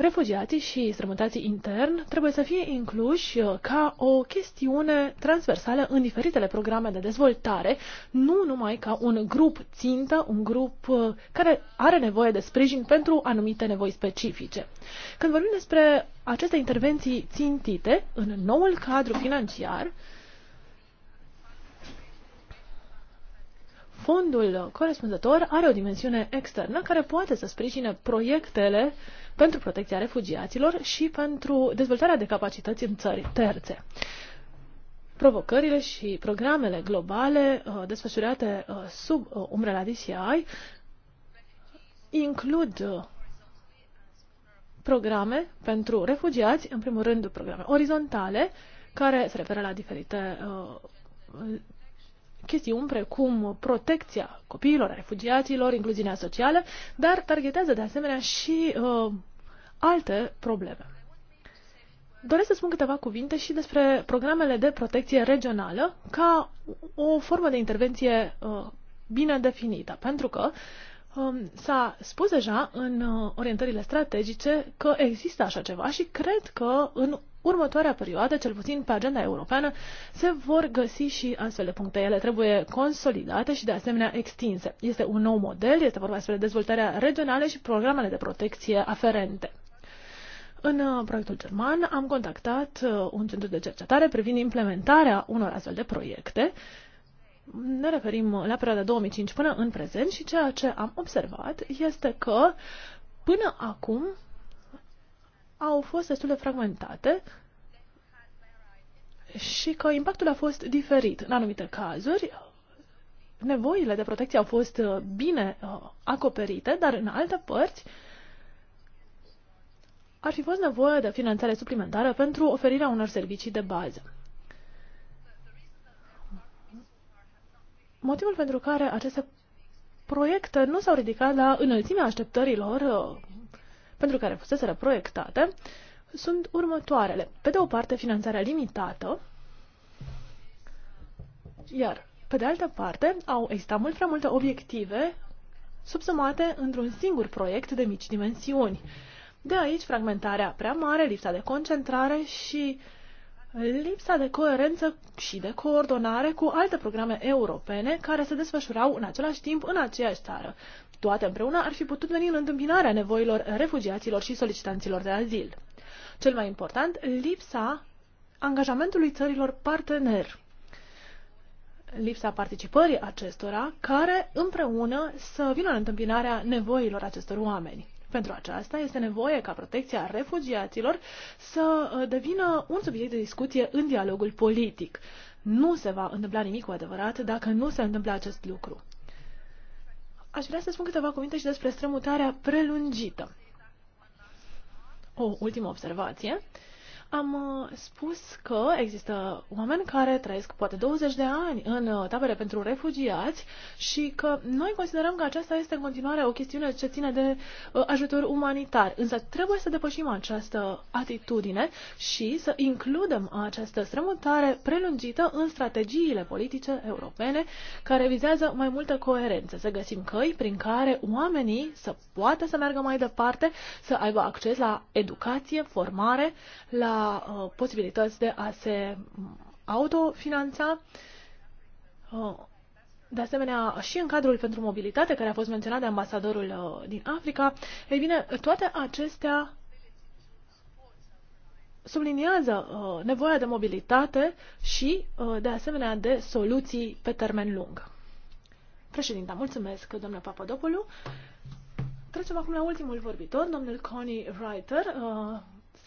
refugiații și strămutații intern trebuie să fie incluși uh, ca o chestiune transversală în diferitele programe de dezvoltare, nu numai ca un grup țintă, un grup uh, care are nevoie de sprijin pentru anumite nevoi specifice. Când vorbim despre aceste intervenții țintite în noul cadru financiar, fondul corespunzător are o dimensiune externă care poate să sprijine proiectele uh, pentru protecția refugiaților și pentru dezvoltarea de capacități în țări terțe. Provocările și programele globale uh, desfășurate uh, sub uh, umbrela DCI includ uh, programe pentru refugiați, în primul rând programe orizontale, care se referă la diferite uh, chestiuni precum protecția copiilor, refugiaților, incluziunea socială, dar targetează de asemenea și uh, alte probleme. Doresc să spun câteva cuvinte și despre programele de protecție regională ca o formă de intervenție uh, bine definită, pentru că um, s-a spus deja în uh, orientările strategice că există așa ceva și cred că în următoarea perioadă, cel puțin pe agenda europeană, se vor găsi și astfel de puncte. Ele trebuie consolidate și de asemenea extinse. Este un nou model, este vorba despre dezvoltarea regională și programele de protecție aferente. În uh, proiectul german am contactat uh, un centru de cercetare privind implementarea unor astfel de proiecte. Ne referim la perioada 2005 până în prezent și ceea ce am observat este că până acum au fost destul de fragmentate și că impactul a fost diferit în anumite cazuri. Nevoile de protecție au fost uh, bine uh, acoperite, dar în alte părți ar fi fost nevoie de finanțare suplimentară pentru oferirea unor servicii de bază. Motivul pentru care aceste proiecte nu s-au ridicat la înălțimea așteptărilor uh, pentru care fuseseră proiectate sunt următoarele. Pe de o parte, finanțarea limitată, iar pe de altă parte, au existat mult prea multe obiective subsumate într-un singur proiect de mici dimensiuni. De aici fragmentarea prea mare, lipsa de concentrare și lipsa de coerență și de coordonare cu alte programe europene care se desfășurau în același timp în aceeași țară toate împreună ar fi putut veni în întâmpinarea nevoilor refugiaților și solicitanților de azil. Cel mai important, lipsa angajamentului țărilor partener. Lipsa participării acestora, care împreună să vină în întâmpinarea nevoilor acestor oameni. Pentru aceasta este nevoie ca protecția refugiaților să uh, devină un subiect de discuție în dialogul politic. Nu se va întâmpla nimic cu adevărat dacă nu se întâmplă acest lucru. Aș vrea să spun câteva cuvinte și despre strămutarea prelungită. O ultimă observație. Am uh, spus că există oameni care trăiesc poate 20 de ani în uh, tabere pentru refugiați și că noi considerăm că aceasta este în continuare o chestiune ce ține de uh, ajutor umanitar. Însă trebuie să depășim această atitudine și să includem această strămutare prelungită în strategiile politice europene care vizează mai multă coerență. Să găsim căi prin care oamenii să poată să meargă mai departe, să aibă acces la educație, formare, la Uh, posibilități de a se autofinanța. Uh, de asemenea, și în cadrul pentru mobilitate, care a fost menționat de ambasadorul uh, din Africa, ei bine, toate acestea subliniază nevoia de mobilitate și, de asemenea, de soluții pe termen lung. Președinta, mulțumesc, domnule Papadopoulou. Trecem acum la ultimul vorbitor, domnul Connie Reiter,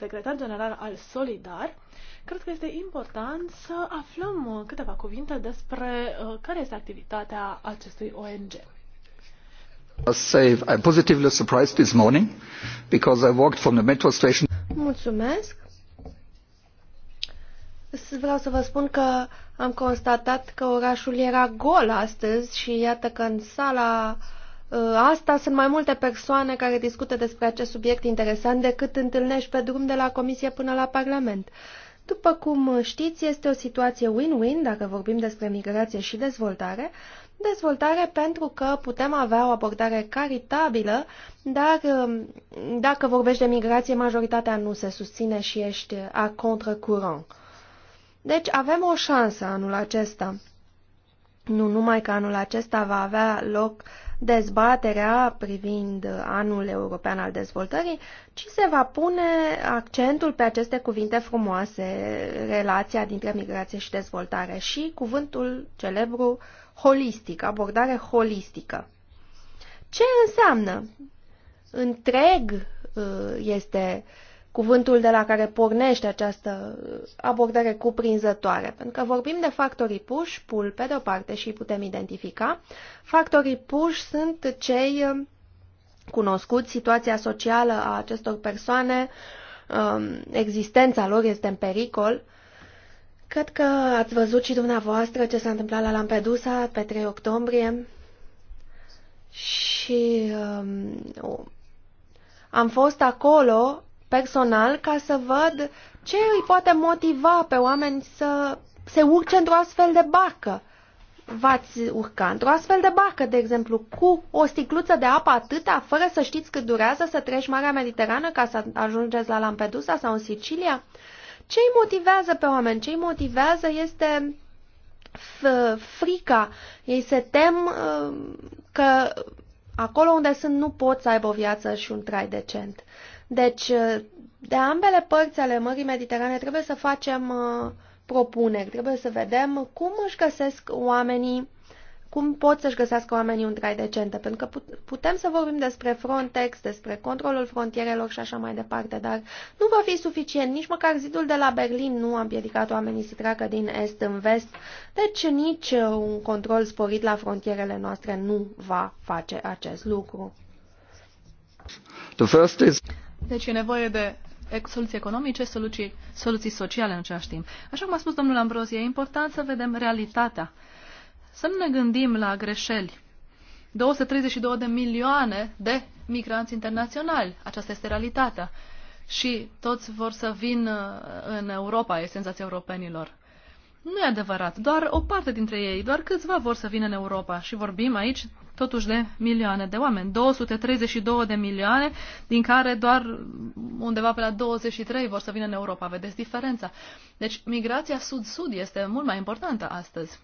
secretar general al Solidar, cred că este important să aflăm uh, câteva cuvinte despre uh, care este activitatea acestui ONG. Mulțumesc. Vreau să vă spun că am constatat că orașul era gol astăzi și iată că în sala uh, Uh, asta sunt mai multe persoane care discută despre acest subiect interesant decât întâlnești pe drum de la Comisie până la Parlament. După cum știți, este o situație win-win dacă vorbim despre migrație și dezvoltare. Dezvoltare pentru că putem avea o abordare caritabilă, dar um, dacă vorbești de migrație, majoritatea nu se susține și ești a contracurent. Deci avem o șansă anul acesta. Nu numai că anul acesta va avea loc uh, dezbaterea privind anul european al dezvoltării, ci se va pune accentul pe aceste cuvinte frumoase, relația dintre migrație și dezvoltare și cuvântul celebru holistic, abordare holistică. Ce înseamnă? Întreg uh, este uh, cuvântul de la care pornește această abordare cuprinzătoare, pentru că vorbim de factorii push, pull pe de-o parte și îi putem identifica. Factorii push sunt cei um, cunoscuți, situația socială a acestor persoane, um, existența lor este în pericol. Cred că ați văzut și dumneavoastră ce s-a întâmplat la Lampedusa pe 3 octombrie și um, am fost acolo personal ca să văd ce îi poate motiva pe oameni să se urce într-o astfel de barcă. V-ați urca într-o astfel de barcă, de exemplu, cu o sticluță de apă atâta, fără să știți cât durează să treci Marea Mediterană ca să ajungeți la Lampedusa sau în Sicilia? Ce îi motivează pe oameni? Ce îi motivează este frica. Ei se tem uh, că acolo unde sunt nu pot să aibă o viață și un trai decent. Deci, uh, de ambele părți ale Mării Mediterane trebuie să facem uh, propuneri, trebuie să vedem cum își găsesc oamenii, cum pot să-și găsească oamenii un trai decent, pentru că putem să vorbim despre Frontex, despre controlul frontierelor și așa mai departe, dar nu va fi suficient, nici măcar zidul de la Berlin nu a împiedicat oamenii să treacă din est în vest, deci nici uh, un control sporit la frontierele noastre nu va face acest lucru. The first is... Deci e nevoie de soluții economice, soluții, soluții sociale în același timp. Așa cum a spus domnul Ambrozie, e important să vedem realitatea. Să nu ne gândim la greșeli. 232 de milioane de migranți internaționali. Aceasta este realitatea. Și toți vor să vin în Europa, e senzația europenilor. Nu e adevărat, doar o parte dintre ei, doar câțiva vor să vină în Europa și vorbim aici totuși de milioane de oameni. 232 de milioane, din care doar undeva pe la 23 vor să vină în Europa. Vedeți diferența. Deci migrația sud-sud este mult mai importantă astăzi.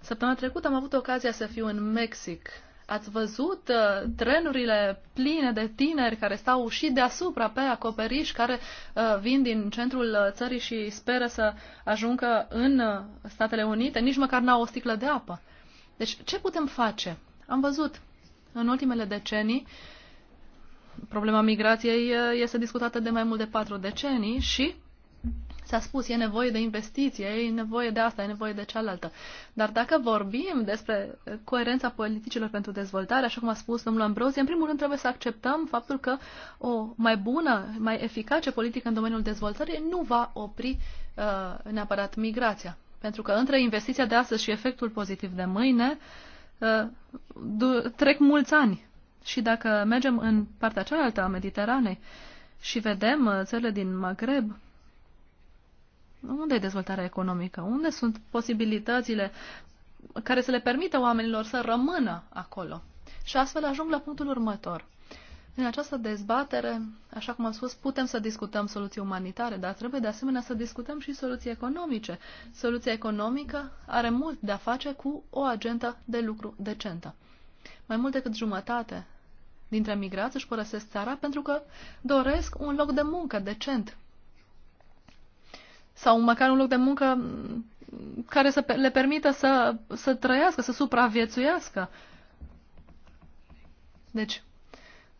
Săptămâna trecută am avut ocazia să fiu în Mexic. Ați văzut uh, trenurile pline de tineri care stau și deasupra pe acoperiș, care uh, vin din centrul uh, țării și speră să ajungă în uh, Statele Unite, nici măcar n-au o sticlă de apă. Deci, ce putem face? Am văzut în ultimele decenii problema migrației este discutată de mai mult de patru decenii și s-a spus, e nevoie de investiție, e nevoie de asta, e nevoie de cealaltă. Dar dacă vorbim despre coerența politicilor pentru dezvoltare, așa cum a spus domnul Ambrozie, în primul rând trebuie să acceptăm faptul că o mai bună, mai eficace politică în domeniul dezvoltării nu va opri uh, neapărat migrația. Pentru că între investiția de astăzi și efectul pozitiv de mâine, uh, Uh, trec mulți ani. Și dacă mergem în partea cealaltă a Mediteranei și vedem uh, țările din Maghreb, unde e dezvoltarea economică? Unde sunt posibilitățile care să le permită oamenilor să rămână acolo? Și astfel ajung la punctul următor. În această dezbatere, așa cum am spus, putem să discutăm soluții umanitare, dar trebuie de asemenea să discutăm și soluții economice. Soluția economică are mult de a face cu o agentă de lucru decentă. Mai mult decât jumătate dintre migrați își părăsesc țara pentru că doresc un loc de muncă decent. Sau măcar un loc de muncă mm, care să le permită să, să trăiască, să supraviețuiască. Deci,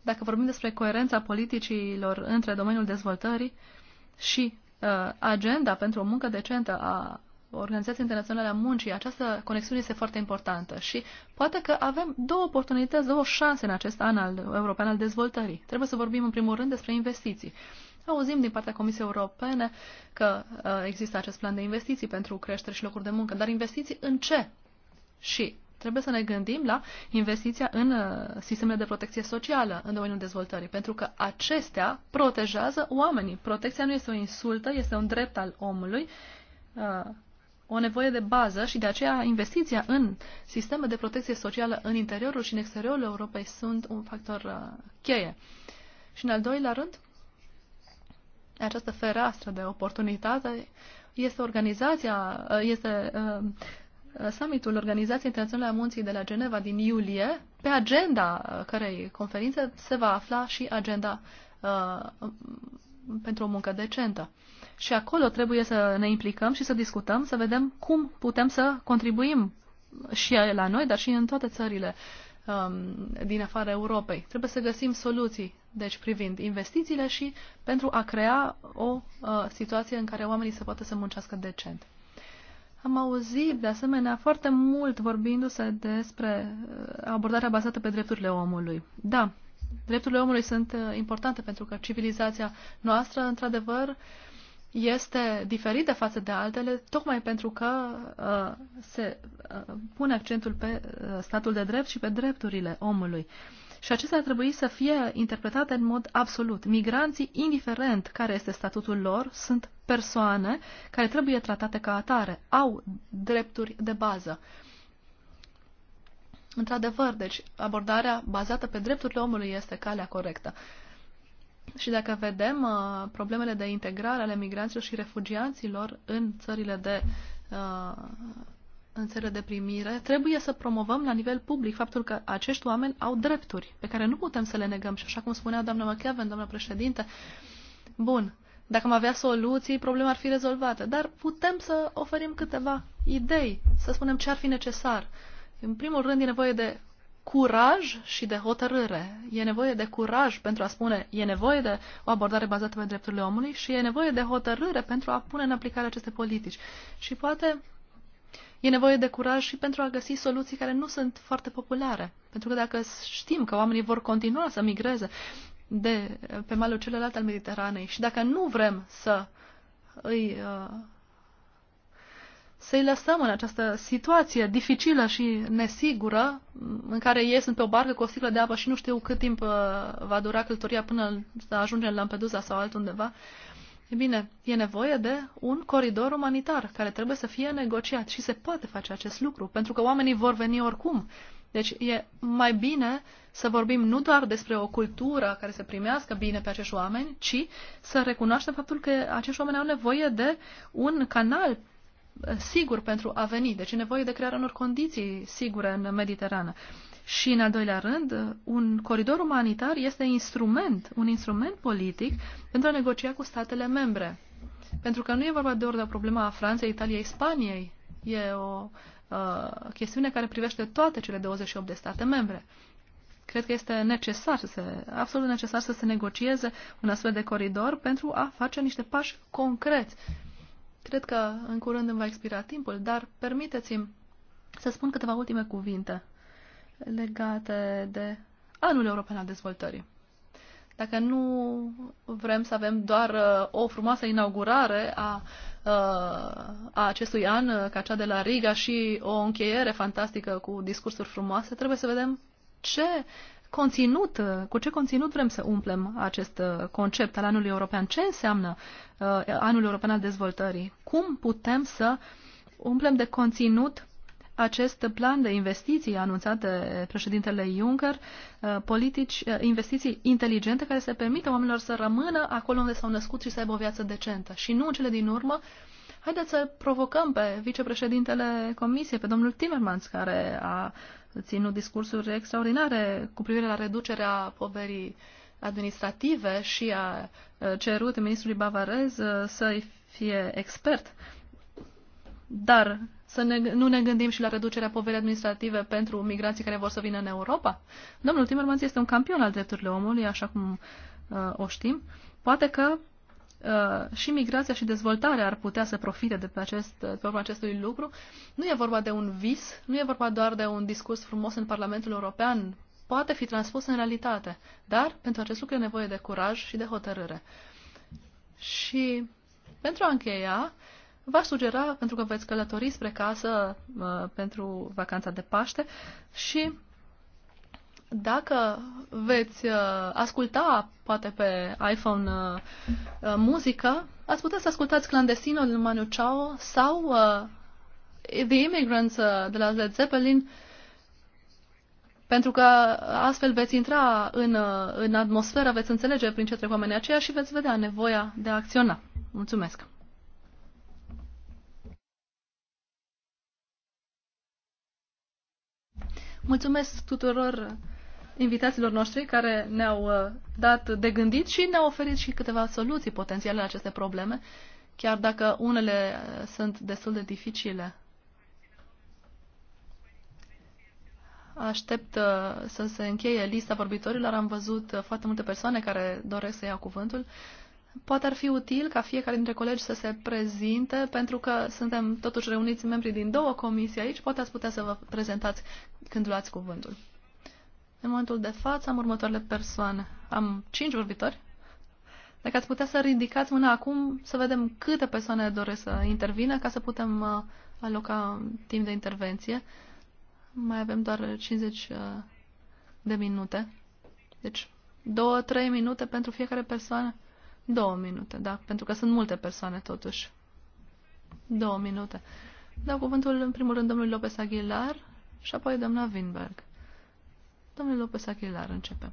dacă vorbim despre coerența politicilor între domeniul dezvoltării și uh, agenda pentru o muncă decentă a Organizației Internaționale a Muncii, această conexiune este foarte importantă și poate că avem două oportunități, două șanse în acest an al, european al dezvoltării. Trebuie să vorbim în primul rând despre investiții. Auzim din partea Comisiei Europene că uh, există acest plan de investiții pentru creștere și locuri de muncă, dar investiții în ce? Și trebuie să ne gândim la investiția în uh, sistemele de protecție socială în domeniul dezvoltării, pentru că acestea protejează oamenii. Protecția nu este o insultă, este un drept al omului, uh, o nevoie de bază și de aceea investiția în sisteme de protecție socială în interiorul și în exteriorul Europei sunt un factor uh, cheie. Și în al doilea rând, această fereastră de oportunitate este organizația, este Uh, summitul Organizației Internaționale a Munții de la Geneva din iulie, pe agenda uh, cărei conferințe se va afla și agenda uh, pentru o muncă decentă. Și acolo trebuie să ne implicăm și să discutăm, să vedem cum putem să contribuim și la noi, dar și în toate țările um, din afara Europei. Trebuie să găsim soluții, deci privind investițiile și pentru a crea o uh, situație în care oamenii să poată să muncească decent. Am auzit, de asemenea, foarte mult vorbindu-se despre uh, abordarea bazată pe drepturile omului. Da, drepturile omului sunt uh, importante pentru că civilizația noastră, într-adevăr, este diferită față de altele, tocmai pentru că uh, se uh, pune accentul pe uh, statul de drept și pe drepturile omului. Uh, și acestea ar trebui să fie interpretate în mod absolut. Migranții, indiferent care este statutul lor, sunt persoane care trebuie tratate ca atare, au drepturi de bază. Într-adevăr, deci abordarea bazată pe drepturile omului este calea corectă. Și dacă vedem uh, problemele de integrare ale migranților și refugiaților în țările de uh, în țările de primire, trebuie să promovăm la nivel public faptul că acești oameni au drepturi pe care nu putem să le negăm. Și așa cum spunea doamna McKeven, doamna președinte, bun, dacă am avea soluții, problema ar fi rezolvată. Dar putem să oferim câteva idei, să spunem ce ar fi necesar. În primul rând e nevoie de curaj și de hotărâre. E nevoie de curaj pentru a spune e nevoie de o abordare bazată pe drepturile omului și e nevoie de hotărâre pentru a pune în aplicare aceste politici. Și poate E nevoie de curaj și pentru a găsi soluții care nu sunt foarte populare. Pentru că dacă știm că oamenii vor continua să migreze de, pe malul celălalt al Mediteranei și dacă nu vrem să îi uh, să-i lăsăm în această situație dificilă și nesigură, mm, în care ei sunt pe o barcă cu o sticlă de apă și nu știu cât timp uh, va dura călătoria până să ajungem la Lampedusa sau altundeva, E bine, e nevoie de un coridor umanitar care trebuie să fie negociat și se poate face acest lucru, pentru că oamenii vor veni oricum. Deci e mai bine să vorbim nu doar despre o cultură care să primească bine pe acești oameni, ci să recunoaștem faptul că acești oameni au nevoie de un canal eh, sigur pentru a veni. Deci e nevoie de crearea unor condiții sigure în Mediterană. Și, în al doilea rând, un coridor umanitar este instrument, un instrument politic pentru a negocia cu statele membre. Pentru că nu e vorba doar de o problemă a Franței, Italiei, Spaniei. E o uh, chestiune care privește toate cele 28 de state membre. Cred că este necesar, să se, absolut necesar să se negocieze un astfel de coridor pentru a face niște pași concreți. Cred că în curând îmi va expira timpul, dar permiteți-mi să spun câteva ultime cuvinte legate de Anul European al Dezvoltării. Dacă nu vrem să avem doar uh, o frumoasă inaugurare a, uh, a acestui an, uh, ca cea de la Riga, și o încheiere fantastică cu discursuri frumoase, trebuie să vedem ce conținut, cu ce conținut vrem să umplem acest concept al anului european, ce înseamnă anul european al dezvoltării, cum putem să umplem de conținut acest plan de investiții anunțat de președintele Juncker, uh, politici, uh, investiții inteligente care să permită oamenilor să rămână acolo unde s-au născut și să aibă o viață decentă. Și nu în cele din urmă, haideți să provocăm pe vicepreședintele Comisiei, pe domnul Timmermans, care a ținut discursuri extraordinare cu privire la reducerea poverii administrative și a uh, cerut ministrului bavarez să-i fie expert. Dar să ne, nu ne gândim și la reducerea poverii administrative pentru migrații care vor să vină în Europa? Domnul Timmermans este un campion al drepturilor omului, așa cum uh, o știm. Poate că Uh, și migrația și dezvoltarea ar putea să profite de pe, acest, de pe urma acestui lucru. Nu e vorba de un vis, nu e vorba doar de un discurs frumos în Parlamentul European. Poate fi transpus în realitate, dar pentru acest lucru e nevoie de curaj și de hotărâre. Și pentru a încheia, uh, V-aș sugera, pentru că veți călători spre casă uh, pentru vacanța de Paște și dacă veți uh, asculta, poate pe iPhone, uh, uh, muzică, ați putea să ascultați clandestinul din Manu Chao sau uh, The Immigrants uh, de la Led Zeppelin, pentru că astfel veți intra în, uh, în atmosferă, veți înțelege prin ce trec oamenii aceia și veți vedea nevoia de a acționa. Mulțumesc! Mulțumesc tuturor invitațiilor noștri care ne-au uh, dat de gândit și ne-au oferit și câteva soluții potențiale la aceste probleme, chiar dacă unele uh, sunt destul de dificile. Aștept uh, să se încheie lista vorbitorilor. Am văzut foarte multe persoane care doresc să ia cuvântul. Poate ar fi util ca fiecare dintre colegi să se prezinte, pentru că suntem totuși reuniți membrii din două comisii aici. Poate ați putea să vă prezentați când luați cuvântul. În momentul de față am următoarele persoane. Am cinci vorbitori. Dacă ați putea să ridicați mâna acum, să vedem câte persoane doresc să intervină, ca să putem uh, aloca timp de intervenție. Mai avem doar 50 uh, de minute. Deci, două, trei minute pentru fiecare persoană. Două minute, da, pentru că sunt multe persoane totuși. Două minute. Dau cuvântul în primul rând domnului Lopez Aguilar și apoi doamna Winberg. Domnul Lopez Aguilar, începem.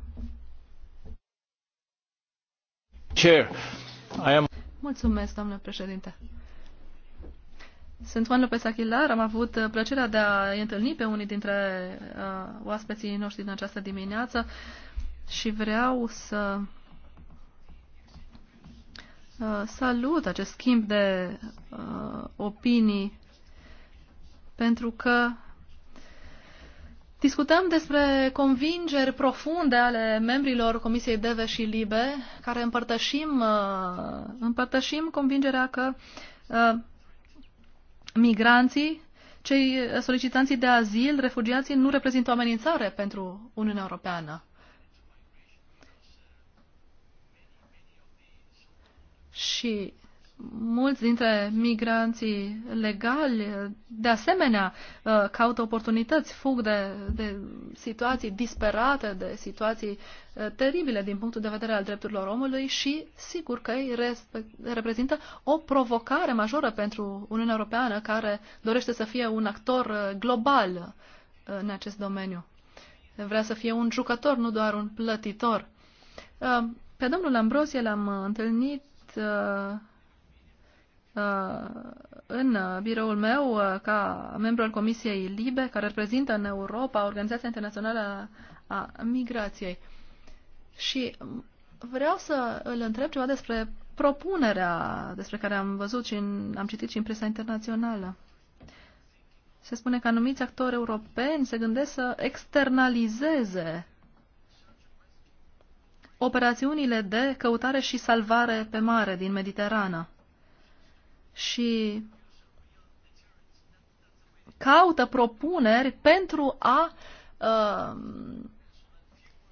Chair, I am... Mulțumesc, domnule președinte. Sunt Juan Lopez Aguilar, am avut uh, plăcerea de a întâlni pe unii dintre uh, oaspeții noștri din această dimineață și vreau să Uh, salut acest schimb de uh, opinii pentru că discutăm despre convingeri profunde ale membrilor Comisiei DEVE și LIBE, care împărtășim, uh, împărtășim convingerea că uh, migranții, cei solicitanții de azil, refugiații, nu reprezintă o amenințare pentru Uniunea Europeană. și mulți dintre migranții legali, de asemenea, uh, caută oportunități, fug de, de situații disperate, de situații uh, teribile din punctul de vedere al drepturilor omului și, sigur că ei reprezintă o provocare majoră pentru Uniunea Europeană, care dorește să fie un actor uh, global în acest domeniu. Vrea să fie un jucător, nu doar un plătitor. Pe domnul Ambrosie l-am întâlnit Uh, uh, în biroul meu uh, ca membru al Comisiei LIBE, care reprezintă în Europa Organizația Internațională a Migrației. Și vreau să îl întreb ceva despre propunerea despre care am văzut și în, am citit și în presa internațională. Se spune că anumiți actori europeni se gândesc să externalizeze operațiunile de căutare și salvare pe mare din Mediterana. Și caută propuneri pentru a uh,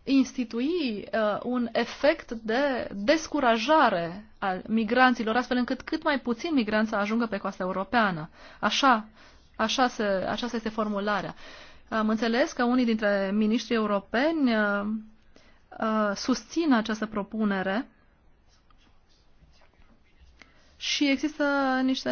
institui uh, un efect de descurajare al migranților, astfel încât cât mai puțin migranți să ajungă pe coasta europeană. Așa, așa se, aceasta este formularea. Am înțeles că unii dintre miniștrii europeni uh, Uh, susțină această propunere și există niște,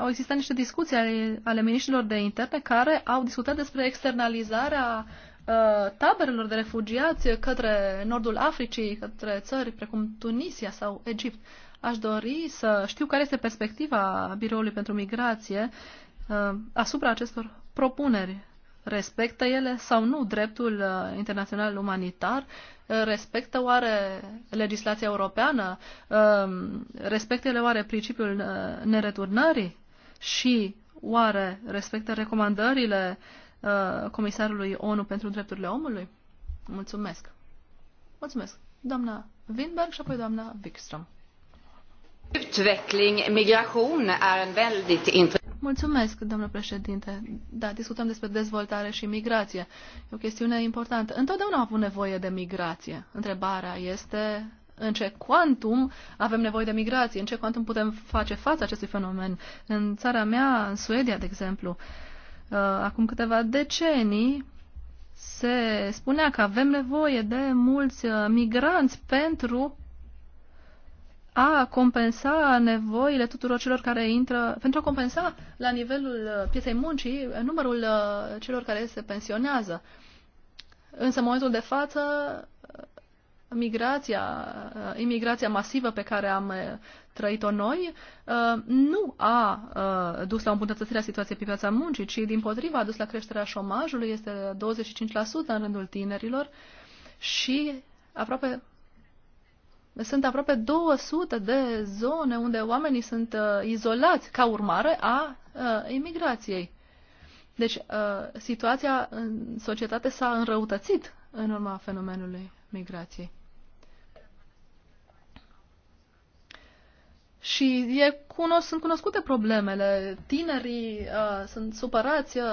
au existat niște discuții ale, ale miniștrilor de interne care au discutat despre externalizarea uh, taberelor de refugiați către nordul Africii, către țări precum Tunisia sau Egipt. Aș dori să știu care este perspectiva Biroului pentru Migrație uh, asupra acestor propuneri respectă ele sau nu dreptul uh, internațional umanitar, uh, respectă oare legislația europeană, um, respectă ele oare principiul uh, nereturnării și oare respectă recomandările comisarului ONU pentru drepturile omului? Mulțumesc! Mulțumesc! Doamna Winberg și apoi doamna Wikström. Utveckling, migration är en väldigt intressant Mulțumesc, domnule președinte. Da, discutăm despre dezvoltare și migrație. E o chestiune importantă. Întotdeauna am avut nevoie de migrație. Întrebarea este în ce cuantum avem nevoie de migrație, în ce cuantum putem face față acestui fenomen. În țara mea, în Suedia, de exemplu, uh, acum câteva decenii, se spunea că avem nevoie de mulți uh, migranți pentru a compensa nevoile tuturor celor care intră, pentru a compensa la nivelul uh, pieței muncii uh, numărul uh, celor care se pensionează. Însă, în momentul de față, migrația, imigrația masivă pe care am trăit-o noi nu a dus la îmbunătățirea situației pe piața muncii, ci din potriva a dus la creșterea șomajului, este 25% în rândul tinerilor și aproape sunt aproape 200 de zone unde oamenii sunt uh, izolați ca urmare a uh, imigrației. Deci uh, situația în societate s-a înrăutățit în urma fenomenului migrației. Și e cunos, sunt cunoscute problemele. Tinerii uh, sunt supărați, uh,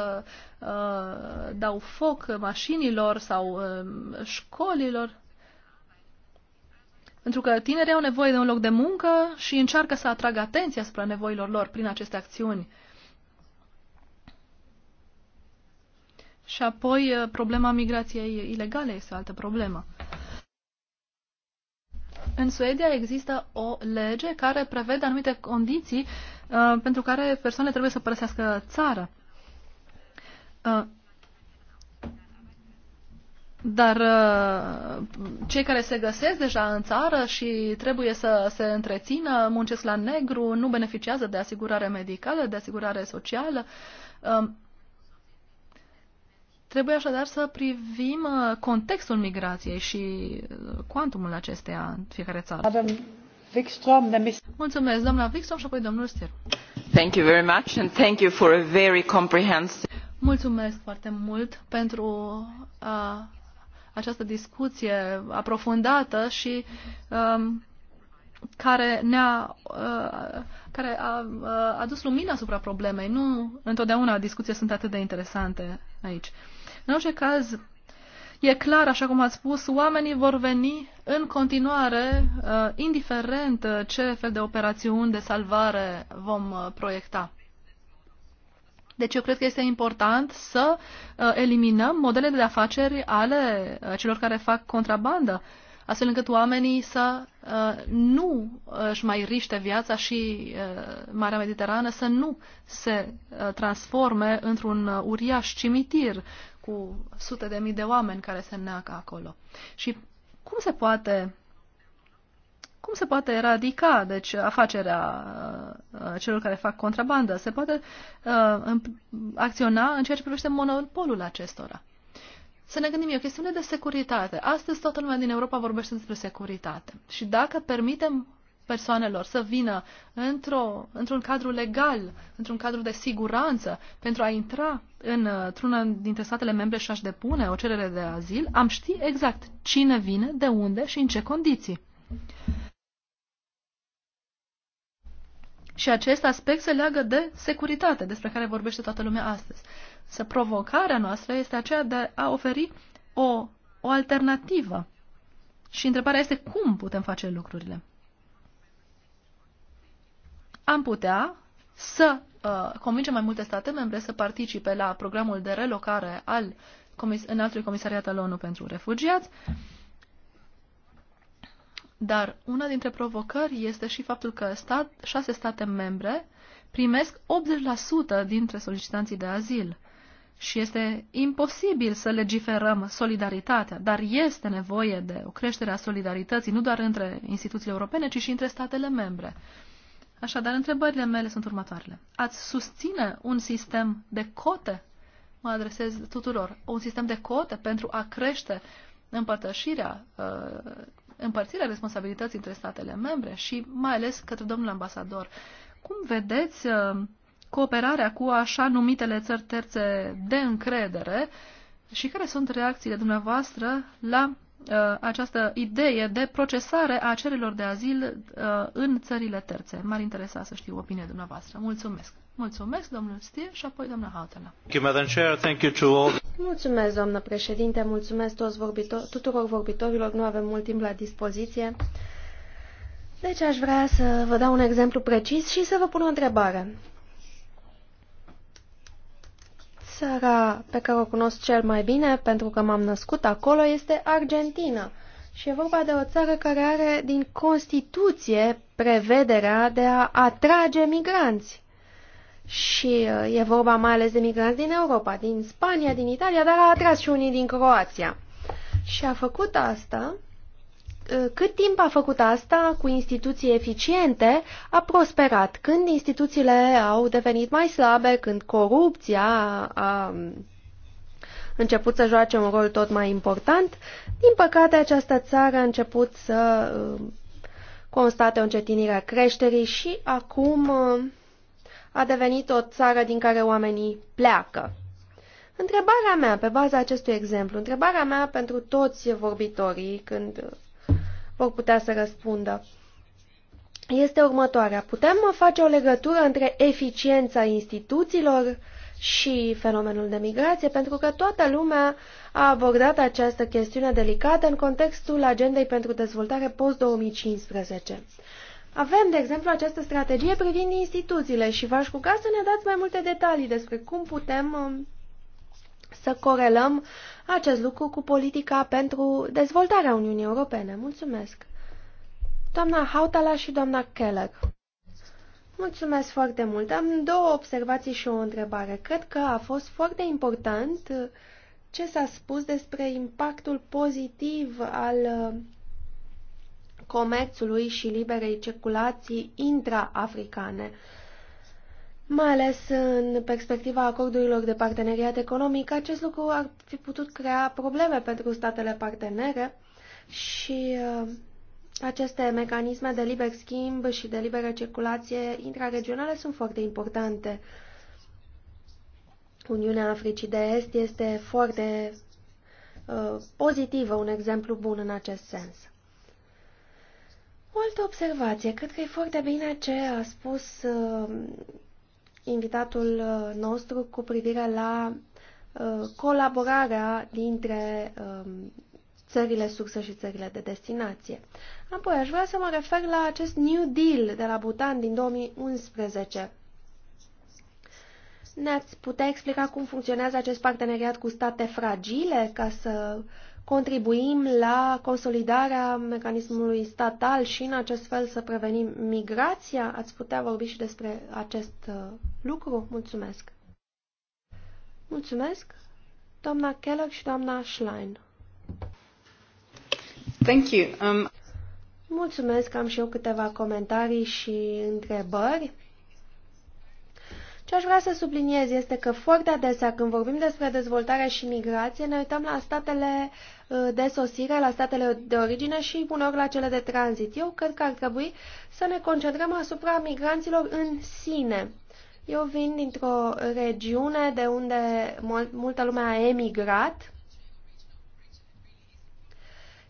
uh dau foc mașinilor sau uh, școlilor. Pentru că tinerii au nevoie de un loc de muncă și încearcă să atragă atenția asupra nevoilor lor prin aceste acțiuni. Și apoi eh, problema migrației ilegale este o altă problemă. În Suedia există o lege care prevede anumite condiții uh, pentru care persoanele trebuie să părăsească țara. Uh, eh, dar uh, cei care se găsesc deja în țară și trebuie să se întrețină, muncesc la negru, nu beneficiază de asigurare medicală, de asigurare socială. Um, trebuie așadar să privim uh, contextul migrației și uh, cuantumul acesteia în fiecare țară. Mulțumesc, doamna Wikström și apoi domnul Stier. Thank you very much and thank you for a very comprehensive Mulțumesc foarte mult pentru uh, această discuție aprofundată și um, care ne-a uh, care a uh, adus lumină asupra problemei. Nu întotdeauna discuțiile sunt atât de interesante aici. În orice caz, e clar, așa cum ați spus, oamenii vor veni în continuare, uh, indiferent ce fel de operațiuni de salvare vom uh, proiecta. Deci eu cred că este important să uh, eliminăm modelele de afaceri ale uh, celor care fac contrabandă, astfel încât oamenii să uh, nu își mai riște viața și Marea Mediterană să nu se transforme într-un uriaș cimitir cu sute de mii de oameni care se neacă acolo. Și cum se poate cum se poate eradica deci, afacerea uh, celor care fac contrabandă? Se poate uh, acționa în ceea ce privește monopolul acestora. Să ne gândim, e o chestiune de securitate. Astăzi toată lumea din Europa vorbește despre securitate. Și dacă permitem persoanelor să vină într-o, într-un cadru legal, într-un cadru de siguranță, pentru a intra în, într-una dintre statele membre și a-și depune o cerere de azil, am ști exact cine vine, de unde și în ce condiții. Și acest aspect se leagă de securitate, despre care vorbește toată lumea astăzi. Să provocarea noastră este aceea de a oferi o, o alternativă. Și întrebarea este cum putem face lucrurile. Am putea să uh, convingem mai multe state membre să participe la programul de relocare al comis- înaltului comisariat al ONU pentru refugiați. Uh, dar una dintre provocări este și faptul că stat, șase state membre primesc 80% dintre solicitanții de azil. Și este imposibil să legiferăm solidaritatea, dar este nevoie de o creștere a solidarității, nu doar între instituțiile europene, ci și între statele membre. Așadar, întrebările mele sunt următoarele. Ați susține un sistem de cote? Mă adresez tuturor. Un sistem de cote pentru a crește împărtășirea uh, împărțirea responsabilității între statele membre și mai ales către domnul ambasador. Cum vedeți uh, cooperarea cu așa numitele țări terțe de încredere și care sunt reacțiile dumneavoastră la uh, această idee de procesare a cererilor de azil uh, în țările terțe. M-ar interesa să știu opinia dumneavoastră. Mulțumesc! Mulțumesc, domnul Stier și apoi doamna Hautala. Mulțumesc, doamnă președinte, mulțumesc toți vorbitor, tuturor vorbitorilor, nu avem mult timp la dispoziție. Deci aș vrea să vă dau un exemplu precis și să vă pun o întrebare. Țara pe care o cunosc cel mai bine, pentru că m-am născut acolo, este Argentina. Și e vorba de o țară care are din Constituție prevederea de a atrage migranți. Și uh, e vorba mai ales de migranți din Europa, din Spania, din Italia, dar a atras și unii din Croația. Și a făcut asta, uh, cât timp a făcut asta cu instituții eficiente, a prosperat. Când instituțiile au devenit mai slabe, când corupția a um, început să joace un rol tot mai important, din păcate această țară a început să uh, constate o încetinire a creșterii și acum a devenit o țară din care oamenii pleacă. Întrebarea mea, pe baza acestui exemplu, întrebarea mea pentru toți vorbitorii când vor putea să răspundă, este următoarea. Putem face o legătură între eficiența instituțiilor și fenomenul de migrație, pentru că toată lumea a abordat această chestiune delicată în contextul agendei pentru dezvoltare post-2015. Avem, de exemplu, această strategie privind instituțiile și v-aș ruga să ne dați mai multe detalii despre cum putem um, să corelăm acest lucru cu politica pentru dezvoltarea Uniunii Europene. Mulțumesc! Doamna Hautala și doamna Keller. Mulțumesc foarte mult. Am două observații și o întrebare. Cred că a fost foarte important uh, ce s-a spus despre impactul pozitiv al uh, comerțului și liberei circulații intra-africane, mai ales în perspectiva acordurilor de parteneriat economic, acest lucru ar fi putut crea probleme pentru statele partenere și uh, aceste mecanisme de liber schimb și de liberă circulație intraregionale sunt foarte importante. Uniunea Africii de Est este foarte uh, pozitivă, un exemplu bun în acest sens. O altă observație. Cred că e foarte bine ce a spus uh, invitatul uh, nostru cu privire la uh, colaborarea dintre uh, țările sursă și țările de destinație. Apoi aș vrea să mă refer la acest New Deal de la Butan din 2011. Ne-ați putea explica cum funcționează acest parteneriat cu state fragile ca să uh, contribuim la consolidarea mecanismului statal și în acest fel să prevenim migrația? Ați putea vorbi și despre acest uh, lucru? Mulțumesc! Mulțumesc, doamna Keller și doamna Schlein. Thank you. Um... Mulțumesc, am și eu câteva comentarii și întrebări. Ce aș vrea să subliniez este că foarte adesea când vorbim despre dezvoltare și migrație, ne uităm la statele uh, de sosire, la statele de origine și uneori la cele de tranzit. Eu cred că ar trebui să ne concentrăm asupra migranților în sine. Eu vin dintr-o regiune de unde multă lume a emigrat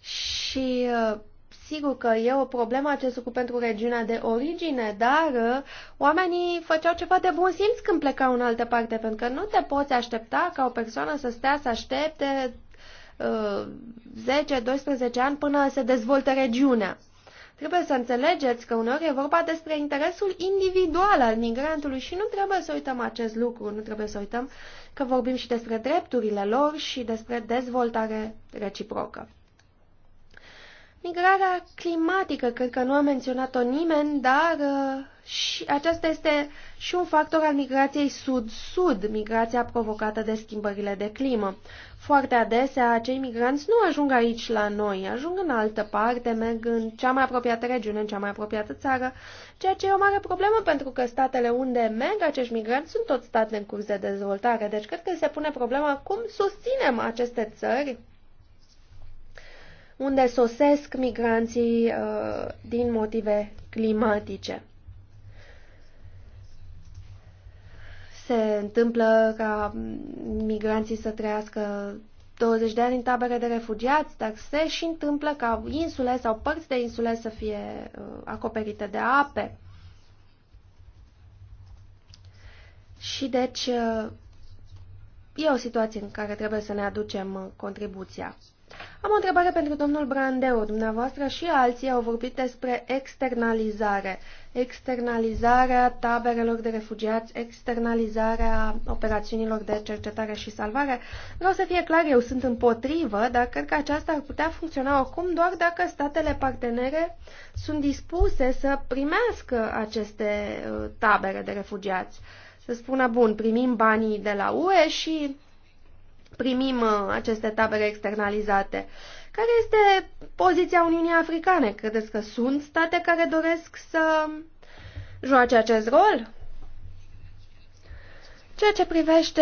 și uh, Sigur că e o problemă acest lucru pentru regiunea de origine, dar uh, oamenii făceau ceva de bun simț când plecau în altă parte, pentru că nu te poți aștepta ca o persoană să stea să aștepte uh, 10-12 ani până se dezvolte regiunea. Trebuie să înțelegeți că uneori e vorba despre interesul individual al migrantului și nu trebuie să uităm acest lucru, nu trebuie să uităm că vorbim și despre drepturile lor și despre dezvoltare reciprocă. Migrarea climatică, cred că nu a menționat-o nimeni, dar uh, și aceasta este și un factor al migrației sud-sud, migrația provocată de schimbările de climă. Foarte adesea, acei migranți nu ajung aici la noi, ajung în altă parte, merg în cea mai apropiată regiune, în cea mai apropiată țară, ceea ce e o mare problemă pentru că statele unde merg acești migranți sunt tot state în curs de dezvoltare. Deci cred că se pune problema cum susținem aceste țări unde sosesc migranții uh, din motive climatice. Se întâmplă ca migranții să trăiască 20 de ani în tabere de refugiați, dar se și întâmplă ca insule sau părți de insule să fie uh, acoperite de ape. Și deci uh, e o situație în care trebuie să ne aducem uh, contribuția. Am o întrebare pentru domnul Brandeu. Dumneavoastră și alții au vorbit despre externalizare. Externalizarea taberelor de refugiați, externalizarea operațiunilor de cercetare și salvare. Vreau să fie clar, eu sunt împotrivă, dar cred că aceasta ar putea funcționa oricum doar dacă statele partenere sunt dispuse să primească aceste uh, tabere de refugiați. Să spună, bun, primim banii de la UE și primim uh, aceste tabere externalizate. Care este poziția Uniunii Africane? Credeți că sunt state care doresc să joace acest rol? Ceea ce privește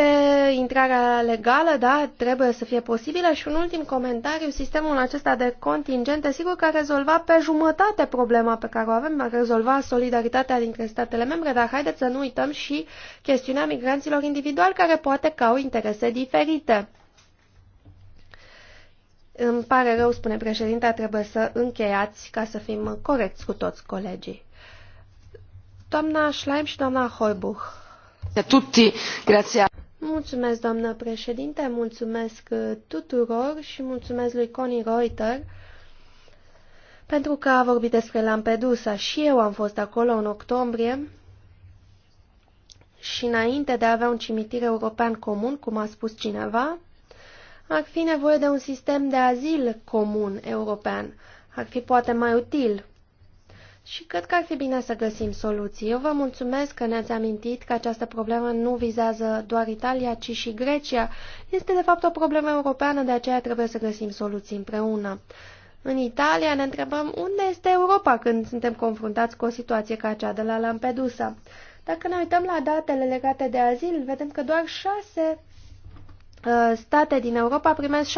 intrarea legală, da, trebuie să fie posibilă și un ultim comentariu, sistemul acesta de contingente, sigur că a rezolvat pe jumătate problema pe care o avem, a rezolvat solidaritatea dintre statele membre, dar haideți să nu uităm și chestiunea migranților individuali care poate că au interese diferite. Îmi pare rău, spune președinta, trebuie să încheiați ca să fim corecți cu toți colegii. Doamna Schleim și doamna Hoibuch. Mulțumesc, doamnă președinte, mulțumesc uh, tuturor și mulțumesc lui Connie Reuter pentru că a vorbit despre Lampedusa. Și eu am fost acolo în octombrie și înainte de a avea un cimitir european comun, cum a spus cineva, ar fi nevoie de un sistem de azil comun european. Ar fi poate mai util și cred că ar fi bine să găsim soluții. Eu vă mulțumesc că ne-ați amintit că această problemă nu vizează doar Italia, ci și Grecia. Este de fapt o problemă europeană, de aceea trebuie să găsim soluții împreună. În Italia ne întrebăm unde este Europa când suntem confruntați cu o situație ca cea de la Lampedusa. Dacă ne uităm la datele legate de azil, vedem că doar șase Uh, state din Europa primesc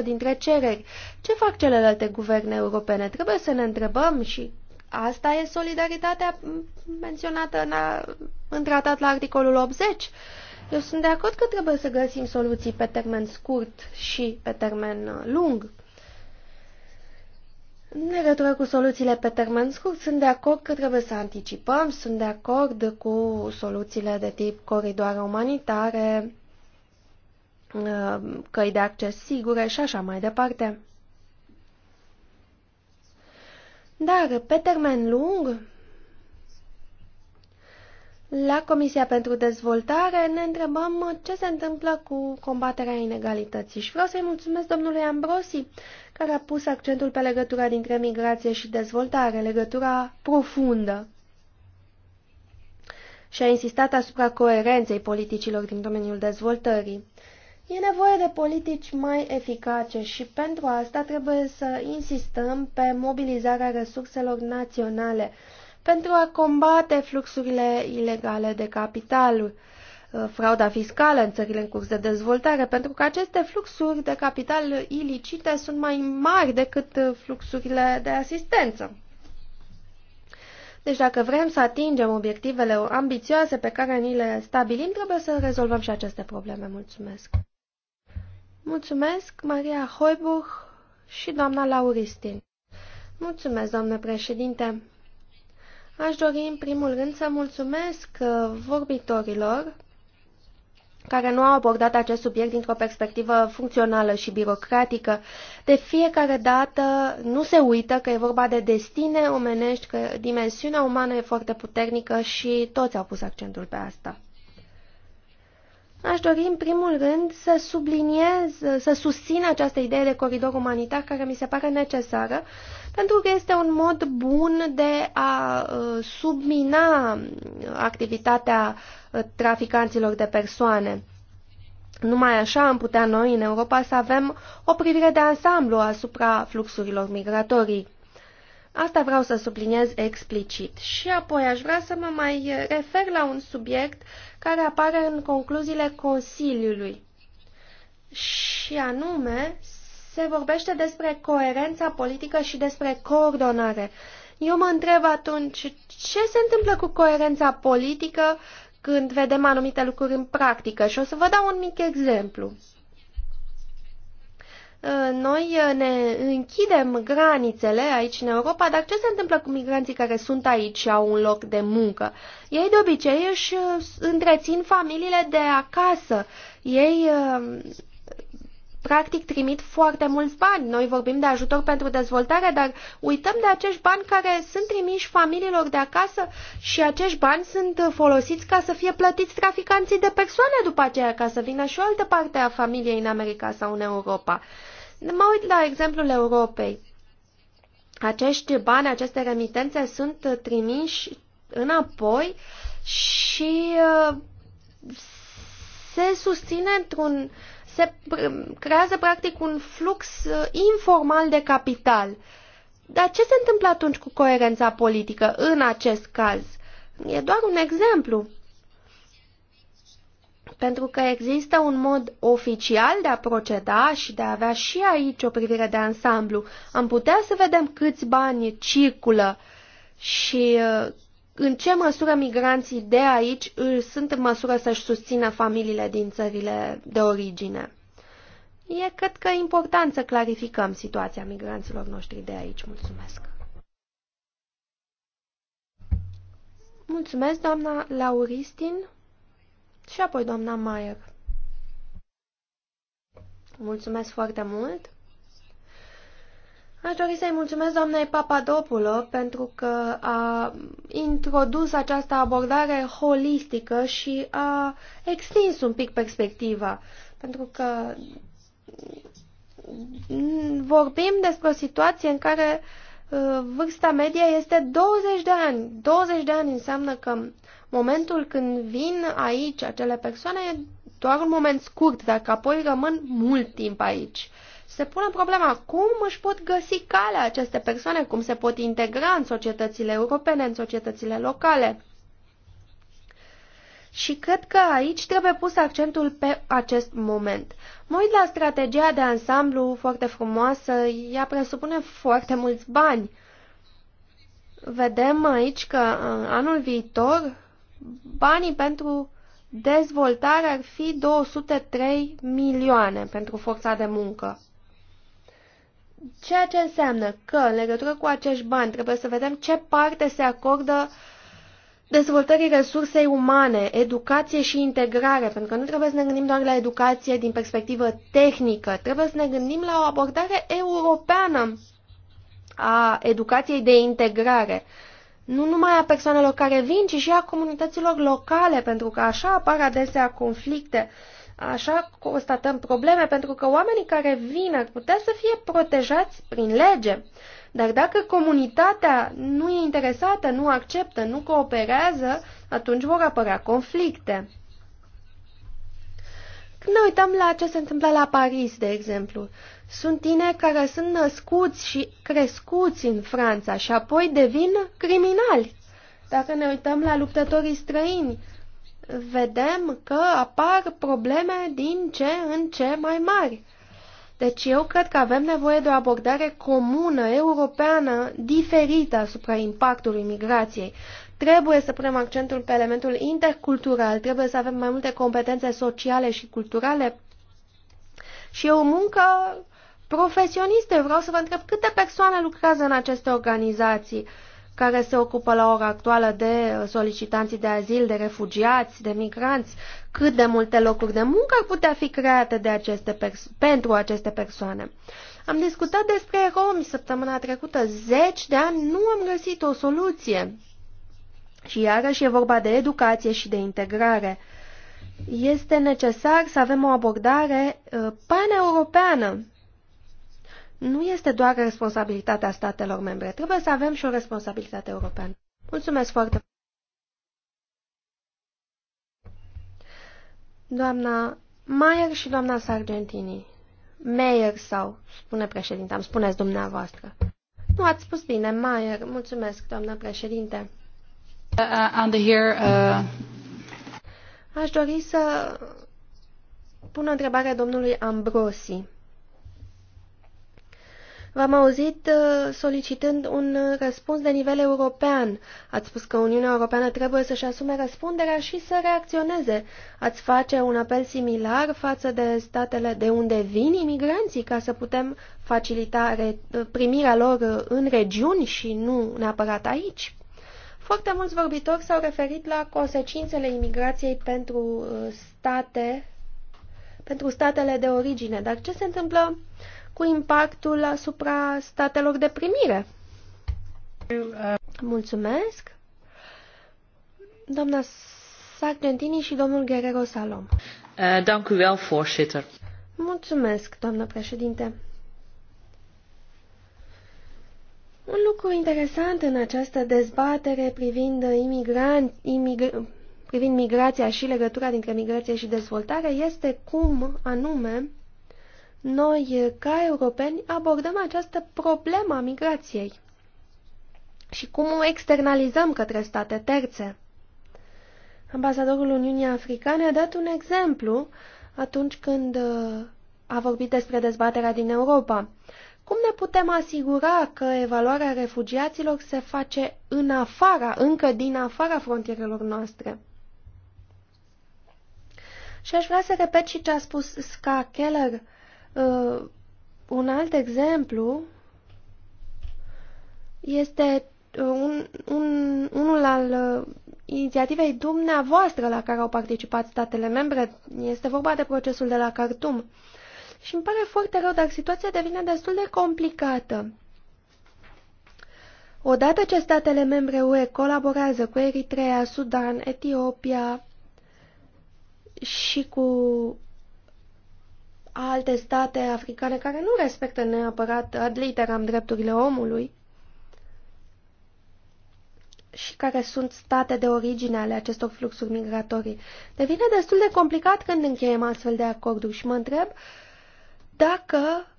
75% dintre cereri. Ce fac celelalte guverne europene? Trebuie să ne întrebăm și asta e solidaritatea menționată în, a, în tratat la articolul 80. Eu sunt de acord că trebuie să găsim soluții pe termen scurt și pe termen uh, lung. În legătură cu soluțiile pe termen scurt, sunt de acord că trebuie să anticipăm, sunt de acord cu soluțiile de tip coridoare umanitare, Uh, căi de acces sigure și așa mai departe. Dar, pe termen lung, la Comisia pentru Dezvoltare ne întrebăm ce se întâmplă cu combaterea inegalității și vreau să-i mulțumesc domnului Ambrosi, care a pus accentul pe legătura dintre migrație și dezvoltare, legătura profundă și a insistat asupra coerenței politicilor din domeniul dezvoltării. E nevoie de politici mai eficace și pentru asta trebuie să insistăm pe mobilizarea resurselor naționale pentru a combate fluxurile ilegale de capital, uh, frauda fiscală în țările în curs de dezvoltare, pentru că aceste fluxuri de capital ilicite sunt mai mari decât fluxurile de asistență. Deci dacă vrem să atingem obiectivele ambițioase pe care ni le stabilim, trebuie să rezolvăm și aceste probleme. Mulțumesc! Mulțumesc, Maria Hoibuch și doamna Lauristin. Mulțumesc, doamnă președinte. Aș dori în primul rând să mulțumesc uh, vorbitorilor care nu au abordat acest subiect dintr-o perspectivă funcțională și birocratică. De fiecare dată nu se uită că e vorba de destine omenești, că dimensiunea umană e foarte puternică și toți au pus accentul pe asta. Aș dori în primul rând să subliniez, să susțin această idee de coridor umanitar care mi se pare necesară, pentru că este un mod bun de a uh, submina activitatea uh, traficanților de persoane. Numai așa am putea noi în Europa să avem o privire de ansamblu asupra fluxurilor migratorii. Asta vreau să subliniez explicit. Și apoi aș vrea să mă mai refer la un subiect care apare în concluziile Consiliului. Și anume, se vorbește despre coerența politică și despre coordonare. Eu mă întreb atunci, ce se întâmplă cu coerența politică când vedem anumite lucruri în practică? Și o să vă dau un mic exemplu. Uh, noi uh, ne închidem granițele aici în Europa, dar ce se întâmplă cu migranții care sunt aici și au un loc de muncă? Ei de obicei își uh, întrețin familiile de acasă. Ei practic trimit foarte mulți bani. Noi vorbim de ajutor pentru dezvoltare, dar uităm de acești bani care sunt trimiși familiilor de acasă și acești bani sunt folosiți ca să fie plătiți traficanții de persoane după aceea, ca să vină și o altă parte a familiei în America sau în Europa. Mă uit la exemplul Europei. Acești bani, aceste remitențe sunt trimiși înapoi și uh, se susține într-un uh, se creează practic un flux uh, informal de capital. Dar ce se întâmplă atunci cu coerența politică în acest caz? E doar un exemplu. Pentru că există un mod oficial de a proceda și de a avea și aici o privire de ansamblu. Am putea să vedem câți bani circulă și uh, în ce măsură migranții de aici sunt în măsură să-și susțină familiile din țările de origine. E, cred că, important să clarificăm situația migranților noștri de aici. Mulțumesc! Mulțumesc, doamna Lauristin și apoi doamna Maier. Mulțumesc foarte mult! Aș dori să-i mulțumesc doamnei Papadopulă pentru că a introdus această abordare holistică și a extins un pic perspectiva, pentru că vorbim despre o situație în care uh, vârsta medie este 20 de ani. 20 de ani înseamnă că momentul când vin aici acele persoane e doar un moment scurt, dar apoi rămân mult timp aici se pune problema cum își pot găsi calea aceste persoane, cum se pot integra în societățile europene, în societățile locale. Și cred că aici trebuie pus accentul pe acest moment. Mă uit la strategia de ansamblu foarte frumoasă, ea presupune foarte mulți bani. Vedem aici că uh, anul viitor banii pentru dezvoltare ar fi 203 milioane pentru forța de muncă. Ceea ce înseamnă că, în legătură cu acești bani, trebuie să vedem ce parte se acordă dezvoltării resursei umane, educație și integrare, pentru că nu trebuie să ne gândim doar la educație din perspectivă tehnică, trebuie să ne gândim la o abordare europeană a educației de integrare. Nu numai a persoanelor care vin, ci și a comunităților locale, pentru că așa apar adesea conflicte. Uh, Așa constatăm probleme pentru că oamenii care vin ar putea să fie protejați prin lege. Dar dacă comunitatea nu e interesată, nu acceptă, nu cooperează, atunci vor apărea conflicte. Când ne uităm la ce se întâmplă la Paris, de exemplu, sunt tineri care sunt născuți și crescuți în Franța și apoi devin criminali. Dacă ne uităm la luptătorii străini, vedem că apar probleme din ce în ce mai mari. Deci eu cred că avem nevoie de o abordare comună, europeană, diferită asupra impactului migrației. Trebuie să punem accentul pe elementul intercultural, trebuie să avem mai multe competențe sociale și culturale și e o muncă profesionistă. Eu vreau să vă întreb câte persoane lucrează în aceste organizații. Uh, care se ocupă la ora actuală de solicitanții de azil, de refugiați, de migranți, cât de multe locuri de muncă ar putea fi create de aceste pentru aceste persoane. Am discutat despre romi săptămâna trecută. Zeci de ani nu am găsit o soluție. Și iarăși e vorba de educație și de integrare. Este necesar să avem o abordare uh, paneuropeană nu este doar responsabilitatea statelor membre, trebuie să avem și o responsabilitate europeană. Mulțumesc foarte mult! Doamna Mayer și doamna Sargentini. Mayer sau, spune președinte, am spuneți dumneavoastră. Nu, ați spus bine, Mayer. Mulțumesc, doamna președinte. Uh, under here, uh... Aș dori să pun o întrebare domnului Ambrosi. V-am auzit uh, solicitând un uh, răspuns de nivel european. Ați spus că Uniunea Europeană trebuie să-și asume răspunderea și să reacționeze. Ați face un apel similar față de statele de unde vin imigranții ca să putem facilita uh, primirea lor în regiuni și nu neapărat aici? Foarte mulți vorbitori s-au referit la consecințele imigrației pentru state, pentru statele de origine. Dar ce se întâmplă cu impactul asupra statelor de primire. Mulțumesc. Doamna Sargentini și domnul Guerrero Salom. Uh, wel, Mulțumesc, doamna președinte. Un lucru interesant în această dezbatere privind, imigran, imigr, privind migrația și legătura dintre migrație și dezvoltare este cum anume noi, ca europeni, abordăm această problemă a migrației și cum o externalizăm către state terțe. Ambasadorul Uniunii Africane a dat un exemplu atunci când uh, a vorbit despre dezbaterea din Europa. Cum ne putem asigura că evaluarea refugiaților se face în afara, încă din afara frontierelor noastre? Și aș vrea să repet și ce a spus Ska Keller Uh, un alt exemplu este uh, un, un, unul al uh, inițiativei dumneavoastră la care au participat statele membre. Este vorba de procesul de la Khartoum. Și îmi pare foarte rău, dar situația devine destul de complicată. Odată ce statele membre UE colaborează cu Eritrea, Sudan, Etiopia și cu alte state africane care nu respectă neapărat ad literam drepturile omului și care sunt state de origine ale acestor fluxuri migratorii. Devine destul de complicat când încheiem astfel de acorduri și mă întreb dacă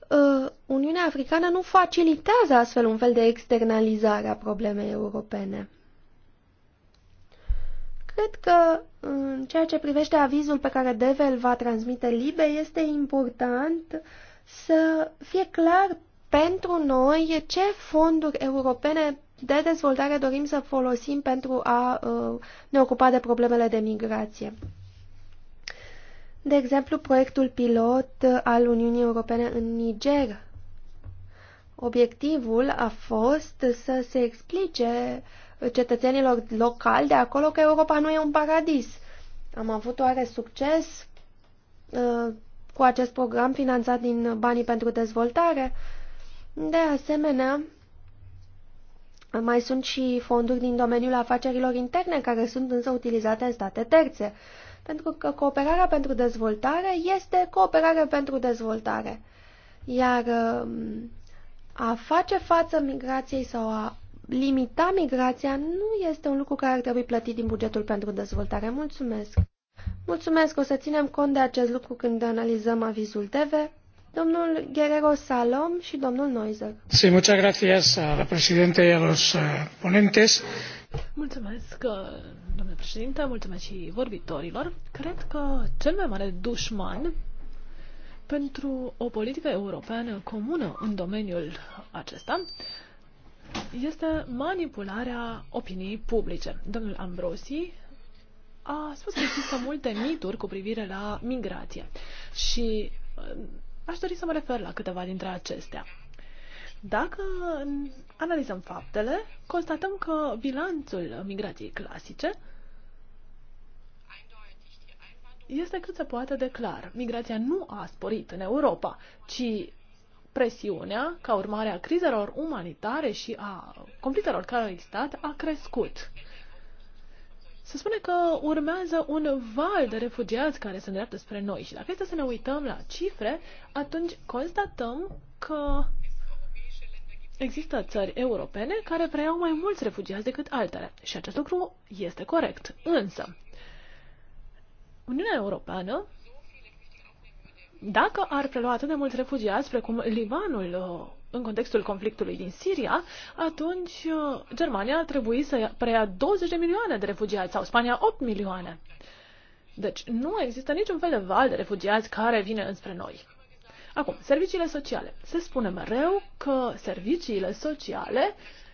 uh, Uniunea Africană nu facilitează astfel un fel de externalizare a problemei europene. Cred că în ceea ce privește avizul pe care Deve îl va transmite Libe, este important să fie clar pentru noi ce fonduri europene de dezvoltare dorim să folosim pentru a uh, ne ocupa de problemele de migrație. De exemplu, proiectul pilot al Uniunii Europene în Niger. Obiectivul a fost să se explice uh, cetățenilor locali de acolo că Europa nu e un paradis. Am avut oare succes uh, cu acest program finanțat din banii pentru dezvoltare? De asemenea, mai sunt și fonduri din domeniul afacerilor interne care sunt însă utilizate în state terțe, pentru că cooperarea pentru dezvoltare este cooperare pentru dezvoltare. Iar um, a face față migrației sau a limita migrația nu este un lucru care ar trebui plătit din bugetul pentru dezvoltare. Mulțumesc! Mulțumesc! O să ținem cont de acest lucru când analizăm avizul TV. Domnul Guerrero Salom și domnul Noizer. Sí, muchas gracias a la presidente y a los eh, ponentes. Mulțumesc, eh, domnule președinte, mulțumesc și vorbitorilor. Cred că cel mai mare dușman pentru o politică europeană comună în domeniul acesta este manipularea opiniei publice. Domnul Ambrosi a spus că există multe mituri cu privire la migrație și uh, aș dori să mă refer la câteva dintre acestea. Dacă analizăm faptele, constatăm că bilanțul migrației clasice este cât se poate de clar. Migrația nu a sporit în Europa, ci presiunea, ca urmare a crizelor umanitare și a conflictelor care au existat, a crescut. Se spune că urmează un val de refugiați care se îndreaptă spre noi și dacă este să ne uităm la cifre, atunci constatăm că există țări europene care preiau mai mulți refugiați decât altele și acest lucru este corect. Însă, Uniunea Europeană dacă ar prelua atât de mulți refugiați precum Libanul uh, în contextul conflictului din Siria, atunci uh, Germania ar trebui să preia 20 de milioane de refugiați sau Spania 8 milioane. Deci nu există niciun fel de val de refugiați care vine înspre noi. Acum, serviciile sociale. Se spune mereu că serviciile sociale uh,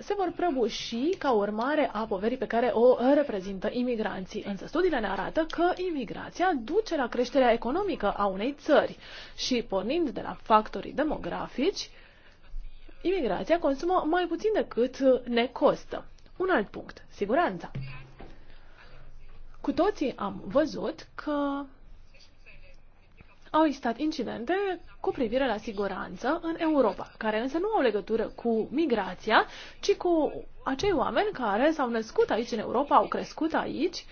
se vor prăbuși ca urmare a poverii pe care o reprezintă imigranții. Însă studiile ne arată că imigrația duce la creșterea economică a unei țări și, pornind de la factorii demografici, imigrația consumă mai puțin decât ne costă. Un alt punct, siguranța. Cu toții am văzut că au existat incidente cu privire la siguranță în Europa, care însă nu au legătură cu migrația, ci cu acei oameni care s-au născut aici în Europa, au crescut aici,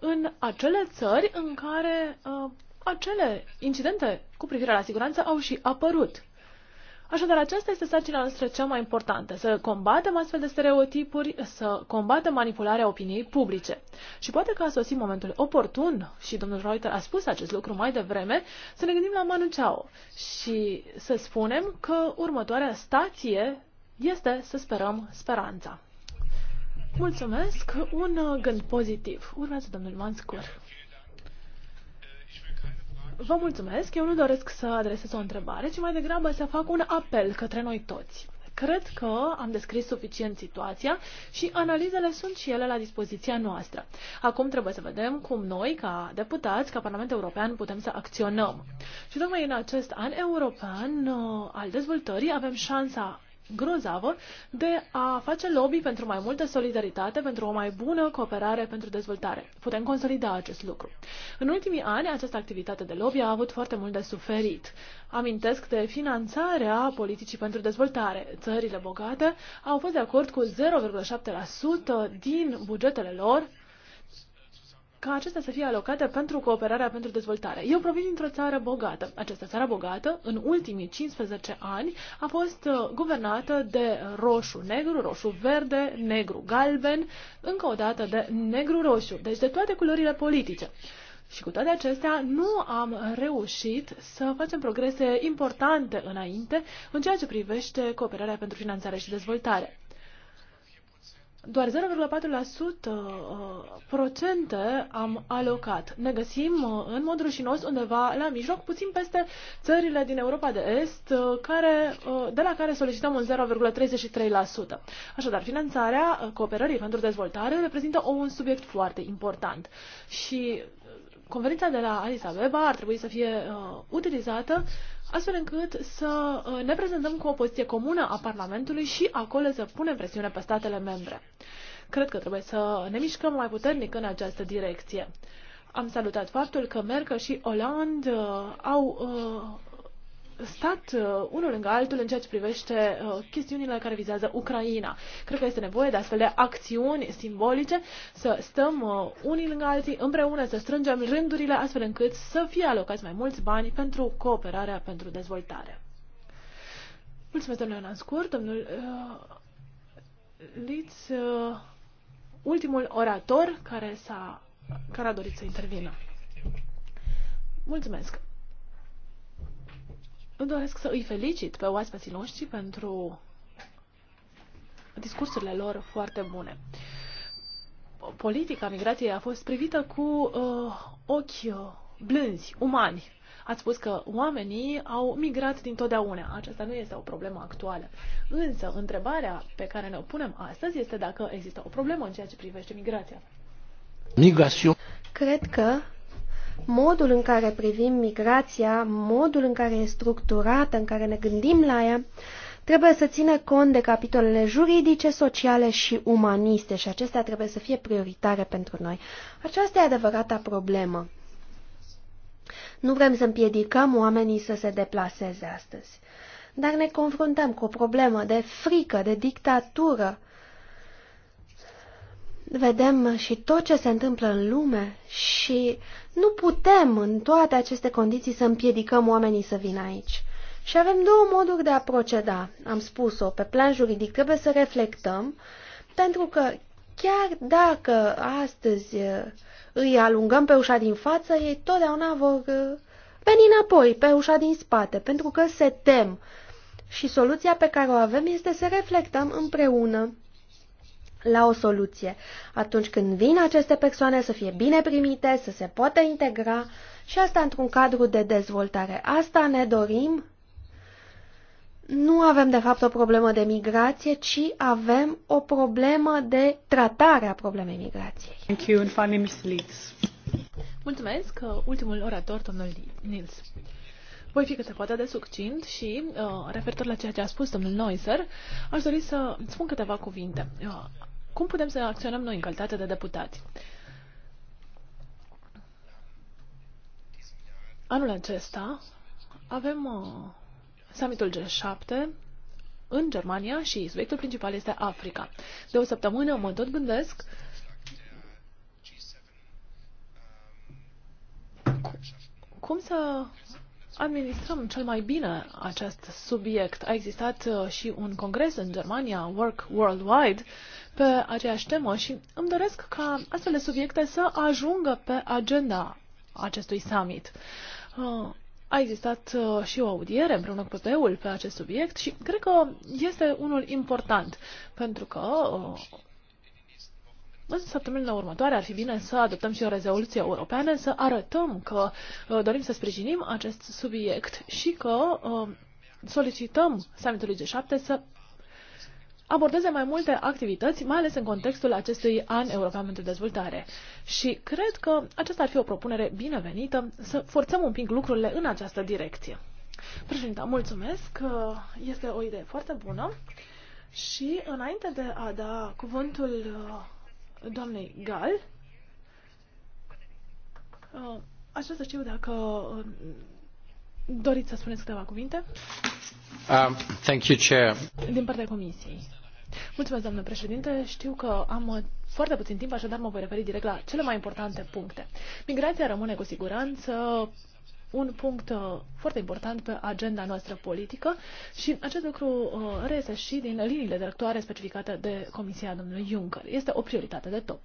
în acele țări în care uh, acele incidente cu privire la siguranță au și apărut. Așadar, aceasta este sarcina noastră cea mai importantă, să combatem astfel de stereotipuri, să combatem manipularea opiniei publice. Și poate că a sosit momentul oportun, și domnul Reuter a spus acest lucru mai devreme, să ne gândim la Manu Chao și să spunem că următoarea stație este să sperăm speranța. Mulțumesc, un uh, gând pozitiv. Urmează domnul Manscur. Vă mulțumesc. Eu nu doresc să adresez o întrebare, ci mai degrabă să fac un apel către noi toți. Cred că am descris suficient situația și analizele sunt și ele la dispoziția noastră. Acum trebuie să vedem cum noi, ca deputați, ca Parlament European, putem să acționăm. Și tocmai în acest an european uh, al dezvoltării avem șansa grozavă de a face lobby pentru mai multă solidaritate, pentru o mai bună cooperare pentru dezvoltare. Putem consolida acest lucru. În ultimii ani, această activitate de lobby a avut foarte mult de suferit. Amintesc de finanțarea politicii pentru dezvoltare. Țările bogate au fost de acord cu 0,7% din bugetele lor ca acestea să fie alocate pentru cooperarea pentru dezvoltare. Eu provin dintr-o țară bogată. Această țară bogată, în ultimii 15 ani, a fost uh, guvernată de roșu-negru, roșu-verde, negru-galben, încă o dată de negru-roșu, deci de toate culorile politice. Și cu toate acestea, nu am reușit să facem progrese importante înainte în ceea ce privește cooperarea pentru finanțare și dezvoltare doar 0,4% uh, procente am alocat. Ne găsim uh, în mod rușinos undeva la mijloc, puțin peste țările din Europa de Est, uh, care, de la care solicităm un 0,33%. Așadar, finanțarea cooperării pentru dezvoltare reprezintă un subiect foarte important și conferința de la Addis Abeba ar trebui să fie utilizată astfel încât să uh, ne prezentăm cu o poziție comună a Parlamentului și acolo să punem presiune pe statele membre. Cred că trebuie să ne mișcăm mai puternic în această direcție. Am salutat faptul că Merkel și Hollande uh, au uh, stat uh, unul lângă altul în ceea ce privește uh, chestiunile care vizează Ucraina. Cred că este nevoie de astfel de acțiuni simbolice, să stăm uh, unii lângă alții împreună, să strângem rândurile astfel încât să fie alocați mai mulți bani pentru cooperarea, pentru dezvoltare. Mulțumesc, domnule Lanscur, domnul uh, Liț, uh, ultimul orator care, s-a, care a dorit să intervină. Mulțumesc. Îmi doresc să îi felicit pe oaspeții noștri pentru discursurile lor foarte bune. Politica migrației a fost privită cu uh, ochi uh, blânzi, umani. Ați spus că oamenii au migrat dintotdeauna. Aceasta nu este o problemă actuală. Însă, întrebarea pe care ne o punem astăzi este dacă există o problemă în ceea ce privește migrația. Migrație. Cred că modul în care privim migrația, modul în care e structurată, în care ne gândim la ea, trebuie să țină cont de capitolele juridice, sociale și umaniste și acestea trebuie să fie prioritare pentru noi. Aceasta e adevărata problemă. Nu vrem să împiedicăm oamenii să se deplaseze astăzi, dar ne confruntăm cu o problemă de frică, de dictatură, vedem și tot ce se întâmplă în lume și nu putem în toate aceste condiții să împiedicăm oamenii să vină aici. Și avem două moduri de a proceda. Am spus-o, pe plan juridic trebuie să reflectăm, pentru că chiar dacă astăzi îi alungăm pe ușa din față, ei totdeauna vor veni înapoi, pe ușa din spate, pentru că se tem. Și soluția pe care o avem este să reflectăm împreună la o soluție. Atunci când vin aceste persoane să fie bine primite, să se poată integra și asta într-un cadru de dezvoltare. Asta ne dorim. Nu avem de fapt o problemă de migrație, ci avem o problemă de tratare a problemei migrației. Thank you and finally Mr. Leeds. Mulțumesc. Uh, ultimul orator, domnul Nils. Voi fi cât se poate de succint și, uh, referitor la ceea ce a spus domnul Noiser, aș dori să spun câteva cuvinte. Uh, cum putem să acționăm noi în calitate de deputați? Anul acesta avem uh, summitul G7 în Germania și subiectul principal este Africa. De o săptămână mă tot gândesc cum să administrăm cel mai bine acest subiect. A existat uh, și un congres în Germania, Work Worldwide, pe aceeași temă și îmi doresc ca astfel de subiecte să ajungă pe agenda acestui summit. Uh, a existat uh, și o audiere împreună cu PP-ul pe acest subiect și cred că este unul important, pentru că în săptămânile următoare ar fi bine să adoptăm și o rezoluție europeană, să arătăm că uh, dorim să sprijinim acest subiect și că uh, solicităm summitului G7 să abordeze mai multe activități, mai ales în contextul acestui an european pentru dezvoltare. Și cred că aceasta ar fi o propunere binevenită să forțăm un pic lucrurile în această direcție. Președinte, mulțumesc. Este o idee foarte bună. Și înainte de a da cuvântul uh, Doamne, Gal. Uh, aș vrea să știu dacă uh, doriți să spuneți câteva cuvinte. Um, thank you, Chair. Din partea Comisiei. Mulțumesc, doamnă președinte. Știu că am uh, foarte puțin timp, așadar mă voi referi direct la cele mai importante puncte. Migrația rămâne cu siguranță un punct uh, foarte important pe agenda noastră politică și acest lucru uh, reiese și din liniile directoare specificate de Comisia domnului Juncker. Este o prioritate de top.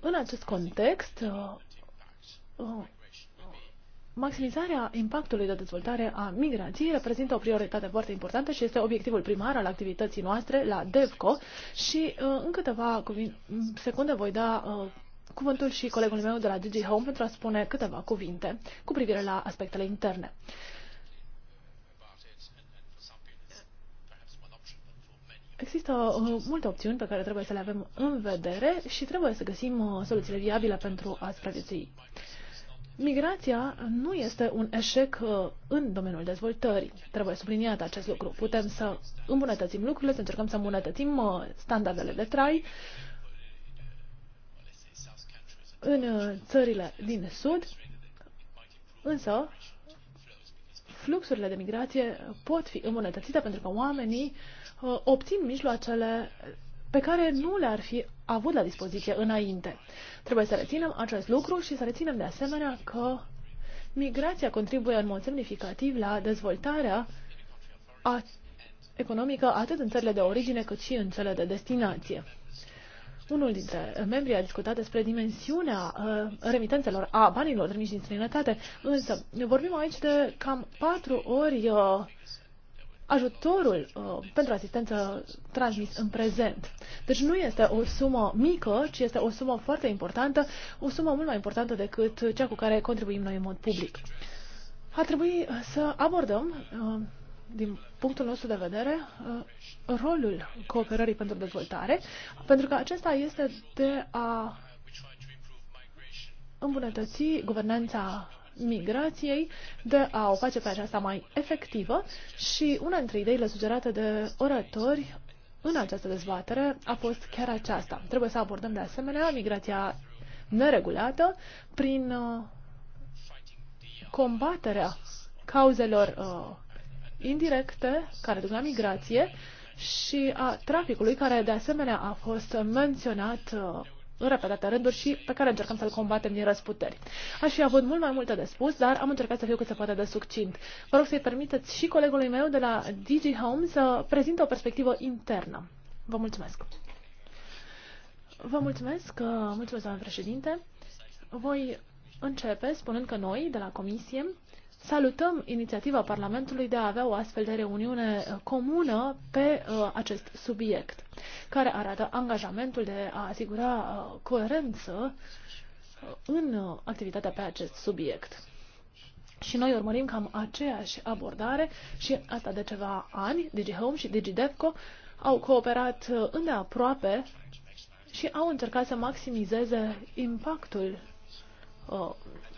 În acest context, uh, maximizarea impactului de dezvoltare a migrației reprezintă o prioritate foarte importantă și este obiectivul primar al activității noastre la DEVCO și în câteva secunde voi da cuvântul și colegul meu de la DJ Home pentru a spune câteva cuvinte cu privire la aspectele interne. Există uh, multe opțiuni pe care trebuie să le avem în vedere și trebuie să găsim uh, soluțiile viabile pentru a supraviețui. Migrația nu este un eșec uh, în domeniul dezvoltării. Trebuie subliniat acest lucru. Putem să îmbunătățim lucrurile, să încercăm să îmbunătățim standardele de trai, în uh, țările din Sud, însă fluxurile de migrație pot fi îmbunătățite pentru că oamenii uh, obțin mijloacele pe care nu le-ar fi avut la dispoziție înainte. Trebuie să reținem acest lucru și să reținem de asemenea că migrația contribuie în mod semnificativ la dezvoltarea a economică atât în țările de origine cât și în cele de destinație. Unul dintre membrii a discutat despre dimensiunea uh, remitențelor a banilor trimiși din străinătate, însă vorbim aici de cam patru ori uh, ajutorul uh, pentru asistență transmis în prezent. Deci nu este o sumă mică, ci este o sumă foarte importantă, o sumă mult mai importantă decât cea cu care contribuim noi în mod public. A trebui să abordăm uh, din punctul nostru de vedere, uh, rolul cooperării pentru dezvoltare, pentru că acesta este de a îmbunătăți guvernanța migrației, de a o face pe aceasta mai efectivă și una dintre ideile sugerate de orători în această dezbatere a fost chiar aceasta. Trebuie să abordăm de asemenea migrația neregulată prin uh, combaterea cauzelor uh, indirecte care duc la migrație și a traficului, care de asemenea a fost menționat uh, în repetate rânduri și pe care încercăm să-l combatem din răsputeri. Aș fi avut mult mai multe de spus, dar am încercat să fiu cât se poate de succint. Vă rog să-i permiteți și colegului meu de la DG Home să prezinte o perspectivă internă. Vă mulțumesc! Vă mulțumesc, uh, mulțumesc, doamne președinte. Voi începe spunând că noi, de la Comisie, Salutăm inițiativa Parlamentului de a avea o astfel de reuniune eh, comună pe uh, acest subiect, care arată angajamentul de a asigura uh, coerență în uh, activitatea pe acest subiect. Și noi urmărim cam aceeași abordare și asta de ceva ani, DigiHome și DigiDevco au cooperat îndeaproape și au încercat să maximizeze impactul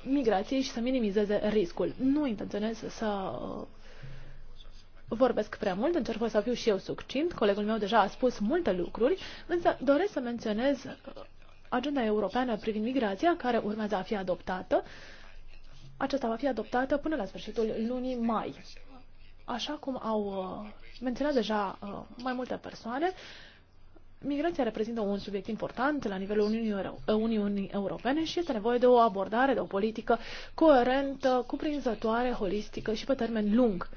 migrației și să minimizeze riscul. Nu intenționez să uh, vorbesc prea mult, încerc să fiu și eu succint. Colegul meu deja a spus multe lucruri, însă doresc să menționez uh, agenda europeană privind migrația, care urmează a fi adoptată. Aceasta va fi adoptată până la sfârșitul lunii mai. Așa cum au uh, menționat deja mai multe persoane, Migrația reprezintă un subiect important la nivelul Uniunii, Euro- Uniunii Europene și este nevoie de o abordare, de o politică coerentă, cuprinzătoare, holistică și pe termen lung.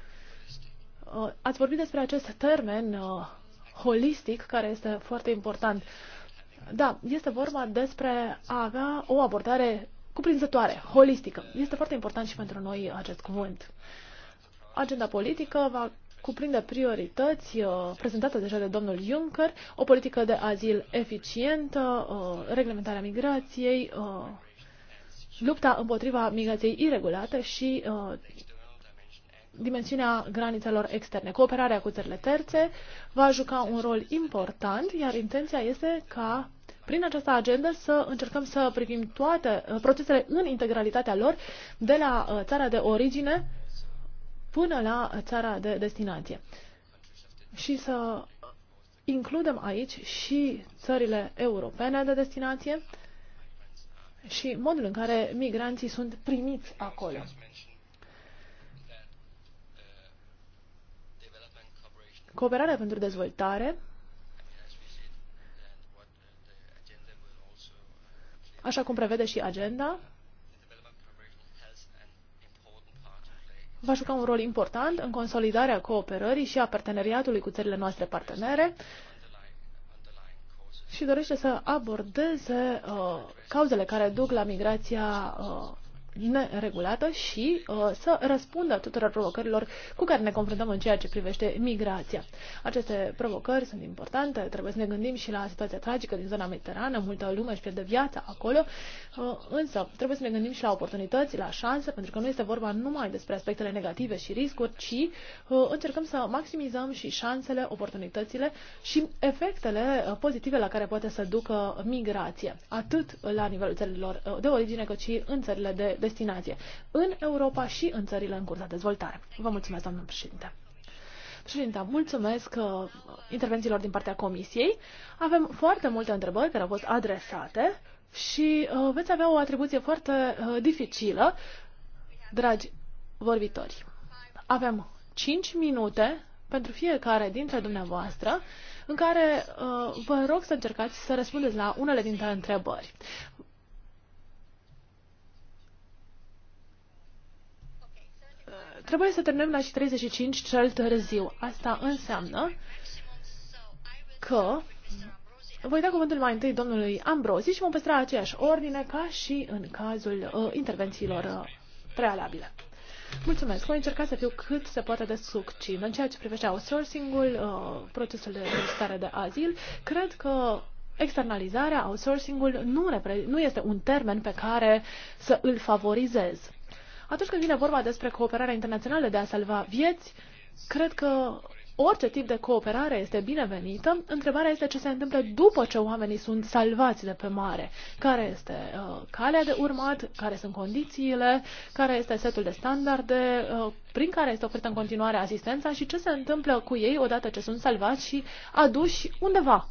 Uh, ați vorbit despre acest termen uh, holistic care este foarte important. Da, este vorba despre a avea o abordare cuprinzătoare, holistică. Este foarte important și pentru noi acest cuvânt. Agenda politică va cuprinde priorități uh, prezentate deja de domnul Juncker, o politică de azil eficientă, uh, reglementarea migrației, uh, lupta împotriva migrației iregulate și dimensiunea granițelor externe. Cooperarea cu țările terțe va juca un rol important, iar intenția este ca prin această agendă să încercăm să privim toate procesele în integralitatea lor, de la țara de origine până la țara de destinație. Și să includem aici și țările europene de destinație și modul în care migranții sunt primiți acolo. Cooperarea pentru dezvoltare așa cum prevede și agenda, va juca un rol important în consolidarea cooperării și a parteneriatului cu țările noastre partenere și dorește să abordeze uh, cauzele care duc la migrația uh, regulată și uh, să răspundă tuturor provocărilor cu care ne confruntăm în ceea ce privește migrația. Aceste provocări sunt importante, trebuie să ne gândim și la situația tragică din zona mediterană, multă lume își pierde viața acolo, uh, însă trebuie să ne gândim și la oportunități, la șanse, pentru că nu este vorba numai despre aspectele negative și riscuri, ci uh, încercăm să maximizăm și șansele, oportunitățile și efectele uh, pozitive la care poate să ducă migrația, atât la nivelul țărilor uh, de origine, cât și în țările de destinație, în Europa și în țările în curs de dezvoltare. Vă mulțumesc, doamnă președinte. Președinte, mulțumesc uh, intervențiilor din partea Comisiei. Avem foarte multe întrebări care au fost adresate și uh, veți avea o atribuție foarte uh, dificilă, dragi vorbitori. Avem 5 minute pentru fiecare dintre dumneavoastră, în care uh, vă rog să încercați să răspundeți la unele dintre întrebări. Trebuie să terminăm la și 35 cel târziu. Asta înseamnă că voi da cuvântul mai întâi domnului Ambrosi și vom păstra aceeași ordine ca și în cazul uh, intervențiilor uh, prealabile. Mulțumesc. Voi încerca să fiu cât se poate de succint. În ceea ce privește outsourcing-ul, uh, procesul de stare de azil, cred că externalizarea, outsourcing-ul nu, nu este un termen pe care să îl favorizez. Atunci când vine vorba despre cooperarea internațională de a salva vieți, cred că orice tip de cooperare este binevenită. Întrebarea este ce se întâmplă după ce oamenii sunt salvați de pe mare. Care este uh, calea de urmat, care sunt condițiile, care este setul de standarde uh, prin care este oferită în continuare asistența și ce se întâmplă cu ei odată ce sunt salvați și aduși undeva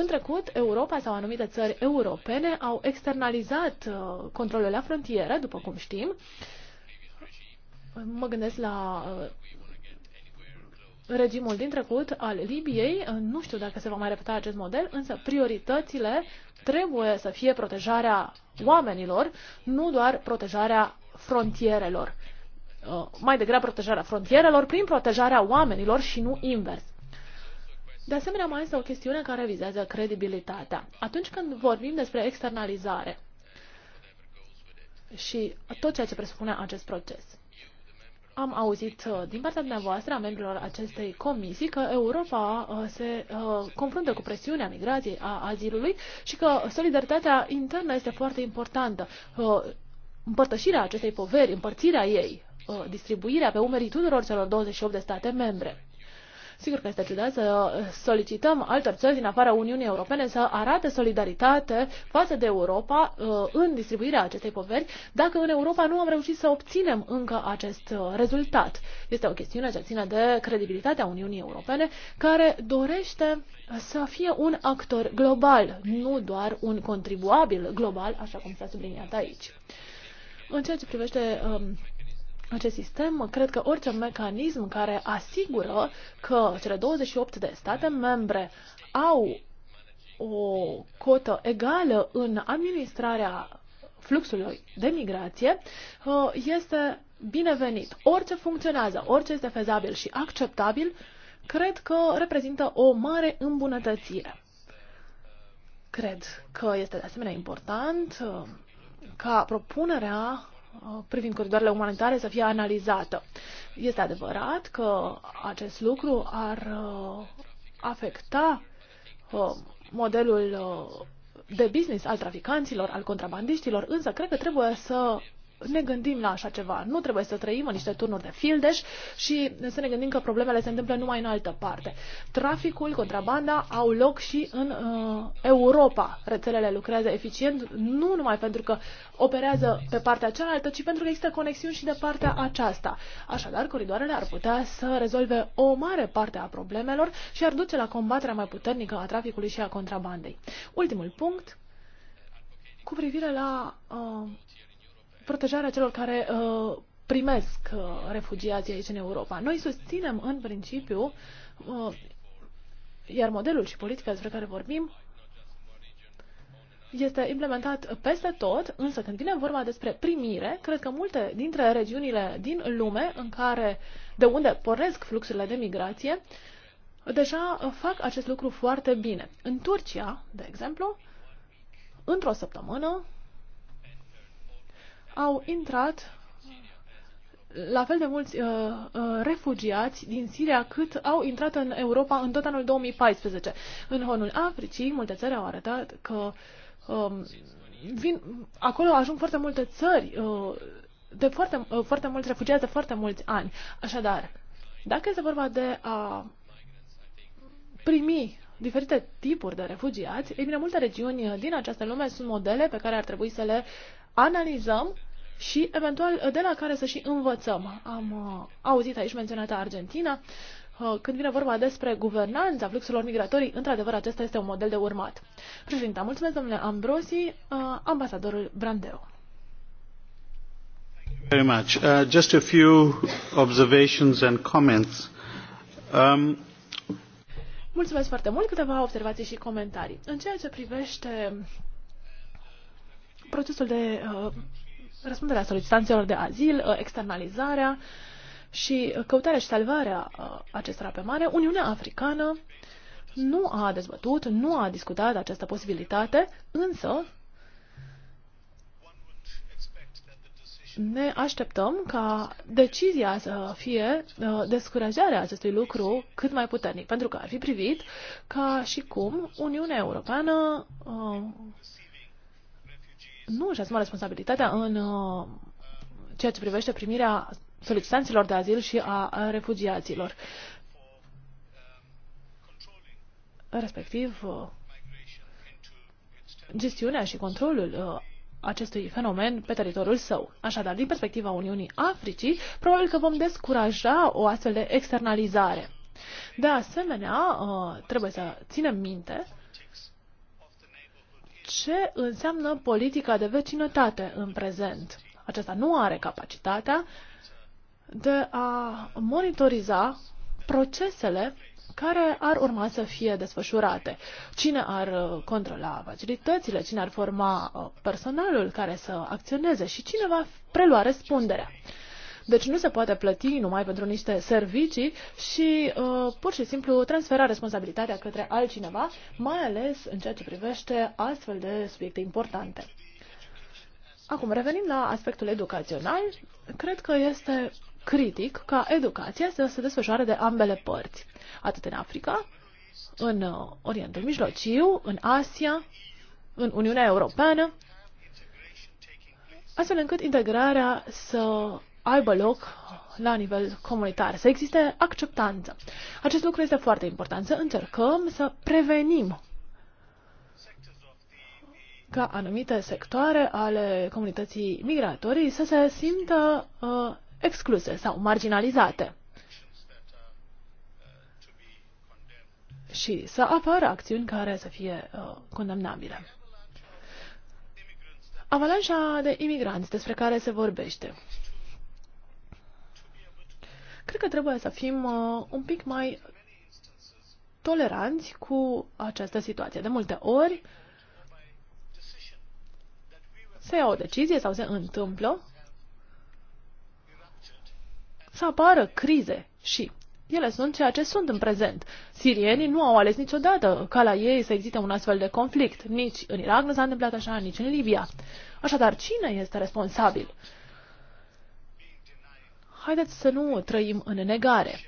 în trecut, Europa sau anumite țări europene au externalizat uh, controlul la frontieră, după cum știm. Mă gândesc la uh, regimul din trecut al Libiei. Uh, nu știu dacă se va mai repeta acest model, însă prioritățile trebuie să fie protejarea oamenilor, nu doar protejarea frontierelor. Mai degrabă protejarea frontierelor prin protejarea oamenilor și nu invers. De asemenea, mai este o chestiune care vizează credibilitatea. Atunci când vorbim despre externalizare și tot ceea ce presupune acest proces, am auzit uh, din partea dumneavoastră a membrilor acestei comisii că Europa uh, se uh, confruntă cu presiunea migrației, a azilului și că solidaritatea internă este foarte importantă. Împărtășirea acestei poveri, împărțirea ei, distribuirea pe umerii tuturor celor 28 de state membre. Sigur că este ciudat să solicităm altor țări din afara Uniunii Europene să arate solidaritate față de Europa uh, în distribuirea acestei poveri, dacă în Europa nu am reușit să obținem încă acest uh, rezultat. Este o chestiune ce ține de credibilitatea Uniunii Europene, care dorește să fie un actor global, nu doar un contribuabil global, așa cum s-a subliniat aici. În ceea ce privește um, acest sistem, cred că orice mecanism care asigură că cele 28 de state membre au o cotă egală în administrarea fluxului de migrație uh, este binevenit. Orice funcționează, orice este fezabil și acceptabil, cred că reprezintă o mare îmbunătățire. Cred că este de asemenea important uh, ca propunerea Uh, privind coridoarele umanitare să fie analizată. Este adevărat că acest lucru ar uh, afecta uh, modelul de business al traficanților, al contrabandiștilor, însă cred că trebuie să ne gândim la așa ceva. Nu trebuie să trăim în niște turnuri de fildeș și să ne gândim că problemele se întâmplă numai în altă parte. Traficul, contrabanda au loc și în uh, Europa. Rețelele lucrează eficient nu numai pentru că operează pe partea cealaltă, ci pentru că există conexiuni și de partea aceasta. Așadar, coridoarele ar putea să rezolve o mare parte a problemelor și ar duce la combaterea mai puternică a traficului și a contrabandei. Ultimul punct cu privire la uh, protejarea celor care uh, primesc uh, refugiații aici în Europa. Noi susținem în principiu, uh, iar modelul și politica despre care vorbim este implementat peste tot, însă când vine vorba despre primire, cred că multe dintre regiunile din lume în care, de unde pornesc fluxurile de migrație, deja fac acest lucru foarte bine. În Turcia, de exemplu, într-o săptămână, au intrat la fel de mulți uh, uh, refugiați din Siria cât au intrat în Europa în tot anul 2014. În Hornul Africii, multe țări au arătat că uh, vin, acolo ajung foarte multe țări, uh, de foarte, uh, foarte mulți refugiați de foarte mulți ani. Așadar, dacă este vorba de a primi diferite tipuri de refugiați, ei bine, multe regiuni din această lume sunt modele pe care ar trebui să le analizăm și eventual de la care să și învățăm. Am uh, auzit aici menționată Argentina. Uh, când vine vorba despre guvernanța fluxurilor migratorii, într-adevăr, acesta este un model de urmat. Președinta, mulțumesc, domnule Ambrosi, uh, ambasadorul Brandeu. Very much. Uh, just a few observations and comments. Um, Mulțumesc foarte mult, câteva observații și comentarii. În ceea ce privește procesul de uh, răspunderea solicitanților de azil, uh, externalizarea și căutarea și salvarea uh, acestora pe mare, Uniunea Africană nu a dezbătut, nu a discutat această posibilitate, însă ne așteptăm ca decizia să fie uh, descurajarea acestui lucru cât mai puternic, pentru că ar fi privit ca și cum Uniunea Europeană uh, nu își asuma responsabilitatea în uh, ceea ce privește primirea solicitanților de azil și a refugiaților. Respectiv, uh, gestiunea și controlul uh, acestui fenomen pe teritoriul său. Așadar, din perspectiva Uniunii Africii, probabil că vom descuraja o astfel de externalizare. De asemenea, trebuie să ținem minte ce înseamnă politica de vecinătate în prezent. Aceasta nu are capacitatea de a monitoriza procesele care ar urma să fie desfășurate. Cine ar uh, controla facilitățile, cine ar forma uh, personalul care să acționeze și cine va prelua răspunderea. Deci nu se poate plăti numai pentru niște servicii și uh, pur și simplu transfera responsabilitatea către altcineva, mai ales în ceea ce privește astfel de subiecte importante. Acum, revenim la aspectul educațional. Cred că este critic ca educația să se desfășoare de ambele părți, atât în Africa, în uh, Orientul Mijlociu, în Asia, în Uniunea Europeană, astfel încât integrarea să aibă loc la nivel comunitar, să existe acceptanță. Acest lucru este foarte important, să încercăm să prevenim ca anumite sectoare ale comunității migratorii să se simtă uh, excluse sau marginalizate și să apară acțiuni care să fie uh, condamnabile. Avalanșa de imigranți despre care se vorbește Cred că trebuie să fim uh, un pic mai toleranți cu această situație. De multe ori se ia o decizie sau se întâmplă să apară crize și ele sunt ceea ce sunt în prezent. Sirienii nu au ales niciodată ca la ei să existe un astfel de conflict. Nici în Irak nu s-a întâmplat așa, nici în Libia. Așadar, cine este responsabil? haideți să nu trăim în negare.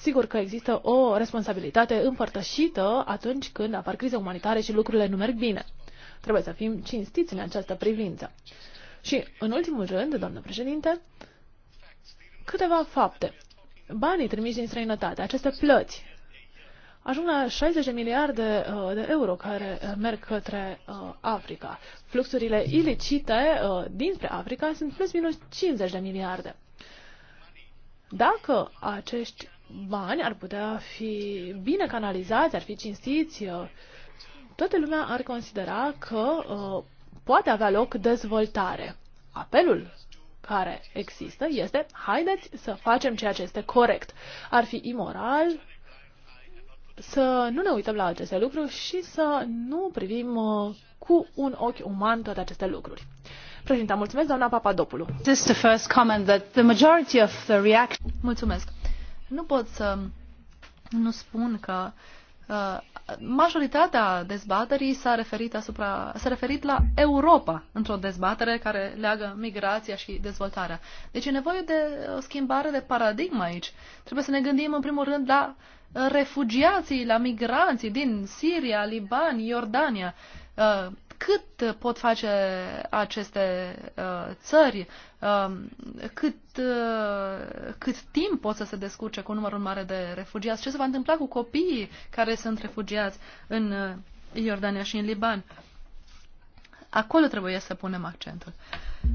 Sigur că există o responsabilitate împărtășită atunci când apar crize umanitare și lucrurile nu merg bine. Trebuie să fim cinstiți în această privință. Și, în ultimul rând, doamnă președinte, câteva fapte. Banii trimiși din străinătate, aceste plăți, ajung la 60 de miliarde uh, de euro care uh, merg către uh, Africa. Fluxurile ilicite dinspre Africa sunt plus minus 50 de miliarde. Dacă acești bani ar putea fi bine canalizați, ar fi cinstiți, uh, toată lumea ar considera că uh, poate avea loc dezvoltare. Apelul care există este haideți să facem ceea ce este corect. Ar fi imoral să nu ne uităm la aceste lucruri și să nu privim uh, cu un ochi uman toate aceste lucruri. Președinte, mulțumesc, doamna Papadopoulou. Mulțumesc. Nu pot să nu spun că uh, majoritatea dezbaterii s-a referit, asupra, s-a referit la Europa într-o dezbatere care leagă migrația și dezvoltarea. Deci e nevoie de o schimbare de paradigmă aici. Trebuie să ne gândim în primul rând la uh, refugiații, la migranții din Siria, Liban, Iordania. Uh, cât pot face aceste uh, țări, uh, cât, uh, cât timp pot să se descurce cu numărul mare de refugiați, ce se va întâmpla cu copiii care sunt refugiați în uh, Iordania și în Liban. Acolo trebuie să punem accentul.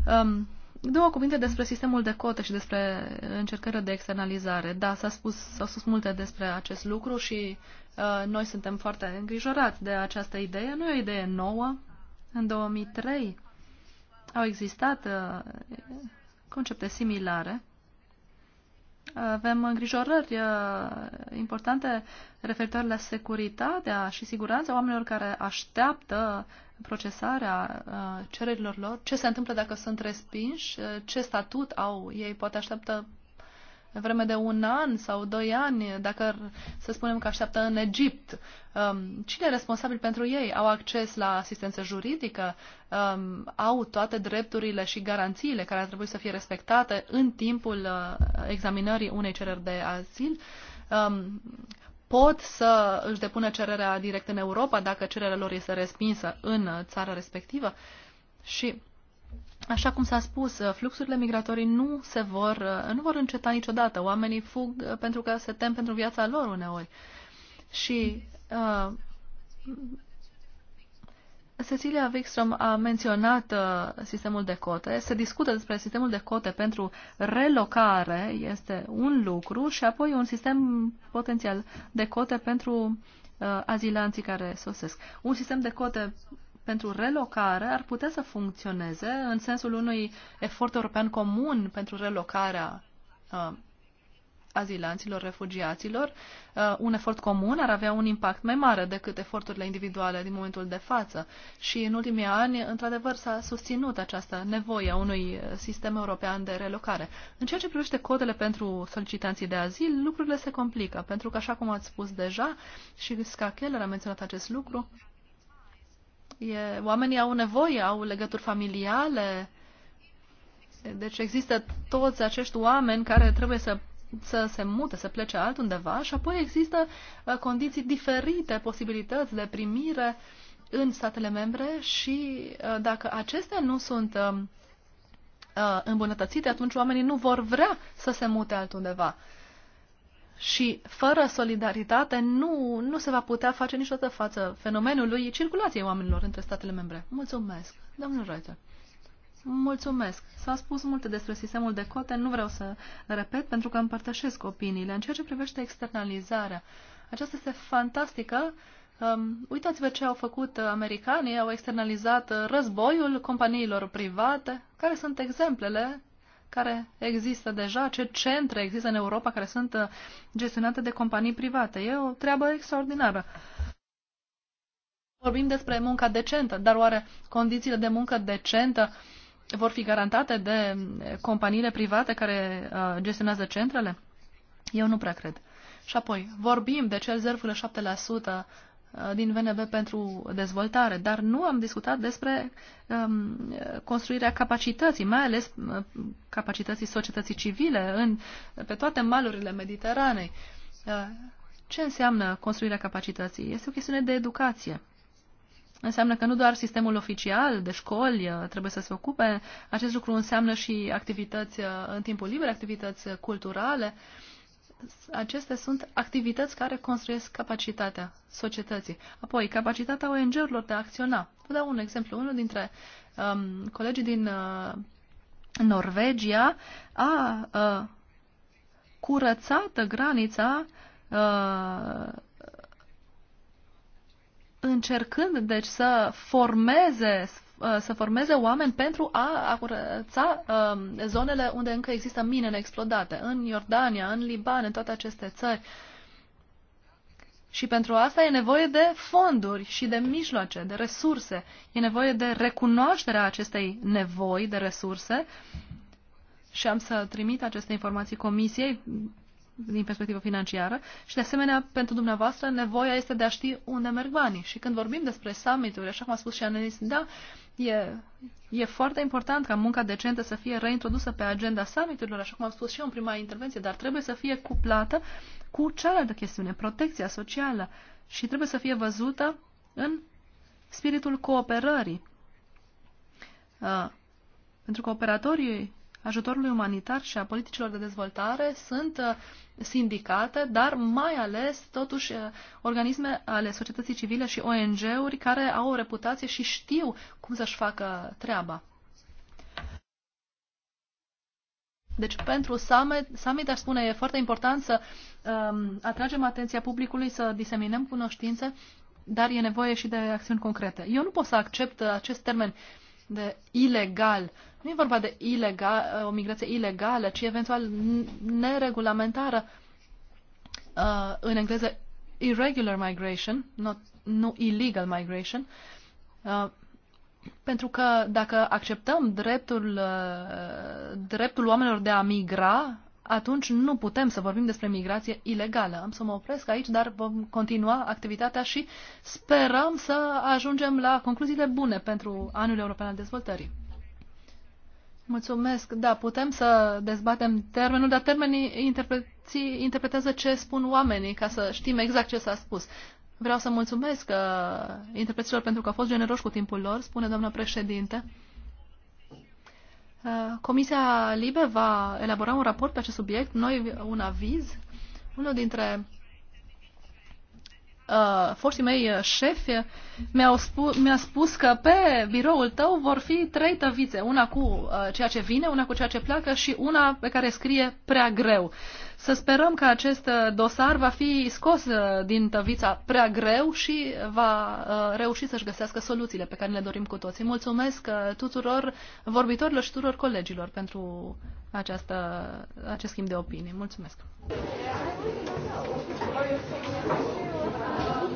Um, două cuvinte despre sistemul de cote și despre încercările de externalizare. Da, s-a spus, s-au spus multe despre acest lucru și uh, noi suntem foarte îngrijorați de această idee. Nu e o idee nouă, în 2003 au existat uh, concepte similare. Avem îngrijorări uh, importante referitoare la securitatea și siguranța oamenilor care așteaptă procesarea uh, cererilor lor, ce se întâmplă dacă sunt respinși, ce statut au ei, poate așteaptă în vreme de un an sau doi ani, dacă să spunem că așteaptă în Egipt, um, cine e responsabil pentru ei? Au acces la asistență juridică? Um, au toate drepturile și garanțiile care ar trebui să fie respectate în timpul uh, examinării unei cereri de azil? Um, pot să își depună cererea direct în Europa dacă cererea lor este respinsă în uh, țara respectivă. Și Așa cum s-a spus, fluxurile migratorii nu se vor, nu vor înceta niciodată. Oamenii fug pentru că se tem pentru viața lor uneori. Și uh, Cecilia Wikström a menționat uh, sistemul de cote. Se discută despre sistemul de cote pentru relocare, este un lucru, și apoi un sistem potențial de cote pentru uh, azilanții care sosesc. Un sistem de cote pentru relocare ar putea să funcționeze în sensul unui efort european comun pentru relocarea uh, azilanților, refugiaților. Uh, un efort comun ar avea un impact mai mare decât eforturile individuale din momentul de față. Și în ultimii ani, într-adevăr, s-a susținut această nevoie a unui sistem european de relocare. În ceea ce privește codele pentru solicitanții de azil, lucrurile se complică, pentru că, așa cum ați spus deja, și Ska a menționat acest lucru, E, oamenii au nevoie, au legături familiale. Deci există toți acești oameni care trebuie să, să se mute, să plece altundeva și apoi există uh, condiții diferite, posibilități de primire în statele membre și uh, dacă acestea nu sunt um, uh, îmbunătățite, atunci oamenii nu vor vrea să se mute altundeva. Și fără solidaritate nu, nu se va putea face niciodată față fenomenului circulației oamenilor între statele membre. Mulțumesc, domnul Reuter. Mulțumesc. S-a spus multe despre sistemul de cote, nu vreau să repet, pentru că împărtășesc opiniile. În ceea ce privește externalizarea, aceasta este fantastică. Um, uitați-vă ce au făcut americanii, au externalizat uh, războiul companiilor private, care sunt exemplele care există deja, ce centre există în Europa care sunt uh, gestionate de companii private. E o treabă extraordinară. Vorbim despre munca decentă, dar oare condițiile de muncă decentă vor fi garantate de companiile private care uh, gestionează centrele? Eu nu prea cred. Și apoi, vorbim de cel 0,7% Uh, din VNB pentru dezvoltare, dar nu am discutat despre um, construirea capacității, mai ales uh, capacității societății civile în, pe toate malurile Mediteranei. Uh, ce înseamnă construirea capacității? Este o chestiune de educație. Înseamnă că nu doar sistemul oficial de școli trebuie să se ocupe, acest lucru înseamnă și activități în timpul liber, activități culturale. Uh, acestea sunt activități care construiesc capacitatea societății. Apoi, capacitatea ONG-urilor de a acționa. Vă dau un exemplu. Unul dintre um, colegii din uh, Norvegia a uh, curățat granița uh, încercând deci să formeze Uh, să formeze oameni pentru a curăța um, zonele unde încă există minele explodate, în Iordania, în Liban, în toate aceste țări. Și pentru asta e nevoie de fonduri și de mijloace, de resurse. E nevoie de recunoașterea acestei nevoi de resurse și am să trimit aceste informații comisiei din perspectivă financiară și, de asemenea, pentru dumneavoastră, nevoia este de a ști unde merg banii. Și când vorbim despre summituri, așa cum a spus și Anelis, da, E, e foarte important ca munca decentă să fie reintrodusă pe agenda summiturilor, așa cum am spus și eu în prima intervenție, dar trebuie să fie cuplată cu cealaltă chestiune, protecția socială și trebuie să fie văzută în spiritul cooperării. Pentru că operatorii ajutorului umanitar și a politicilor de dezvoltare sunt uh, sindicate, dar mai ales, totuși, uh, organisme ale societății civile și ONG-uri care au o reputație și știu cum să-și facă treaba. Deci pentru summit, summit aș spune, e foarte important să um, atragem atenția publicului, să diseminăm cunoștințe, dar e nevoie și de acțiuni concrete. Eu nu pot să accept acest termen de ilegal. Nu e vorba de ilegal, o migrație ilegală, ci eventual neregulamentară. Uh, în engleză, irregular migration, not, nu illegal migration. Uh, pentru că dacă acceptăm dreptul, uh, dreptul oamenilor de a migra, atunci nu putem să vorbim despre migrație ilegală. Am să mă opresc aici, dar vom continua activitatea și sperăm să ajungem la concluziile bune pentru anul european al dezvoltării. Mulțumesc. Da, putem să dezbatem termenul, dar termenii interpretează ce spun oamenii, ca să știm exact ce s-a spus. Vreau să mulțumesc uh, interpreților pentru că au fost generoși cu timpul lor, spune doamna președinte. Uh, Comisia Libe va elabora un raport pe acest subiect, noi un aviz. Unul dintre uh, foștii mei uh, șefi uh, mi-au spu- mi-a spus că pe biroul tău vor fi trei tăvițe, una cu uh, ceea ce vine, una cu ceea ce pleacă și una pe care scrie prea greu. Să sperăm că acest uh, dosar va fi scos uh, din tăvița prea greu și va uh, reuși să-și găsească soluțiile pe care le dorim cu toții. Mulțumesc uh, tuturor vorbitorilor și tuturor colegilor pentru această, acest schimb de opinie. Mulțumesc!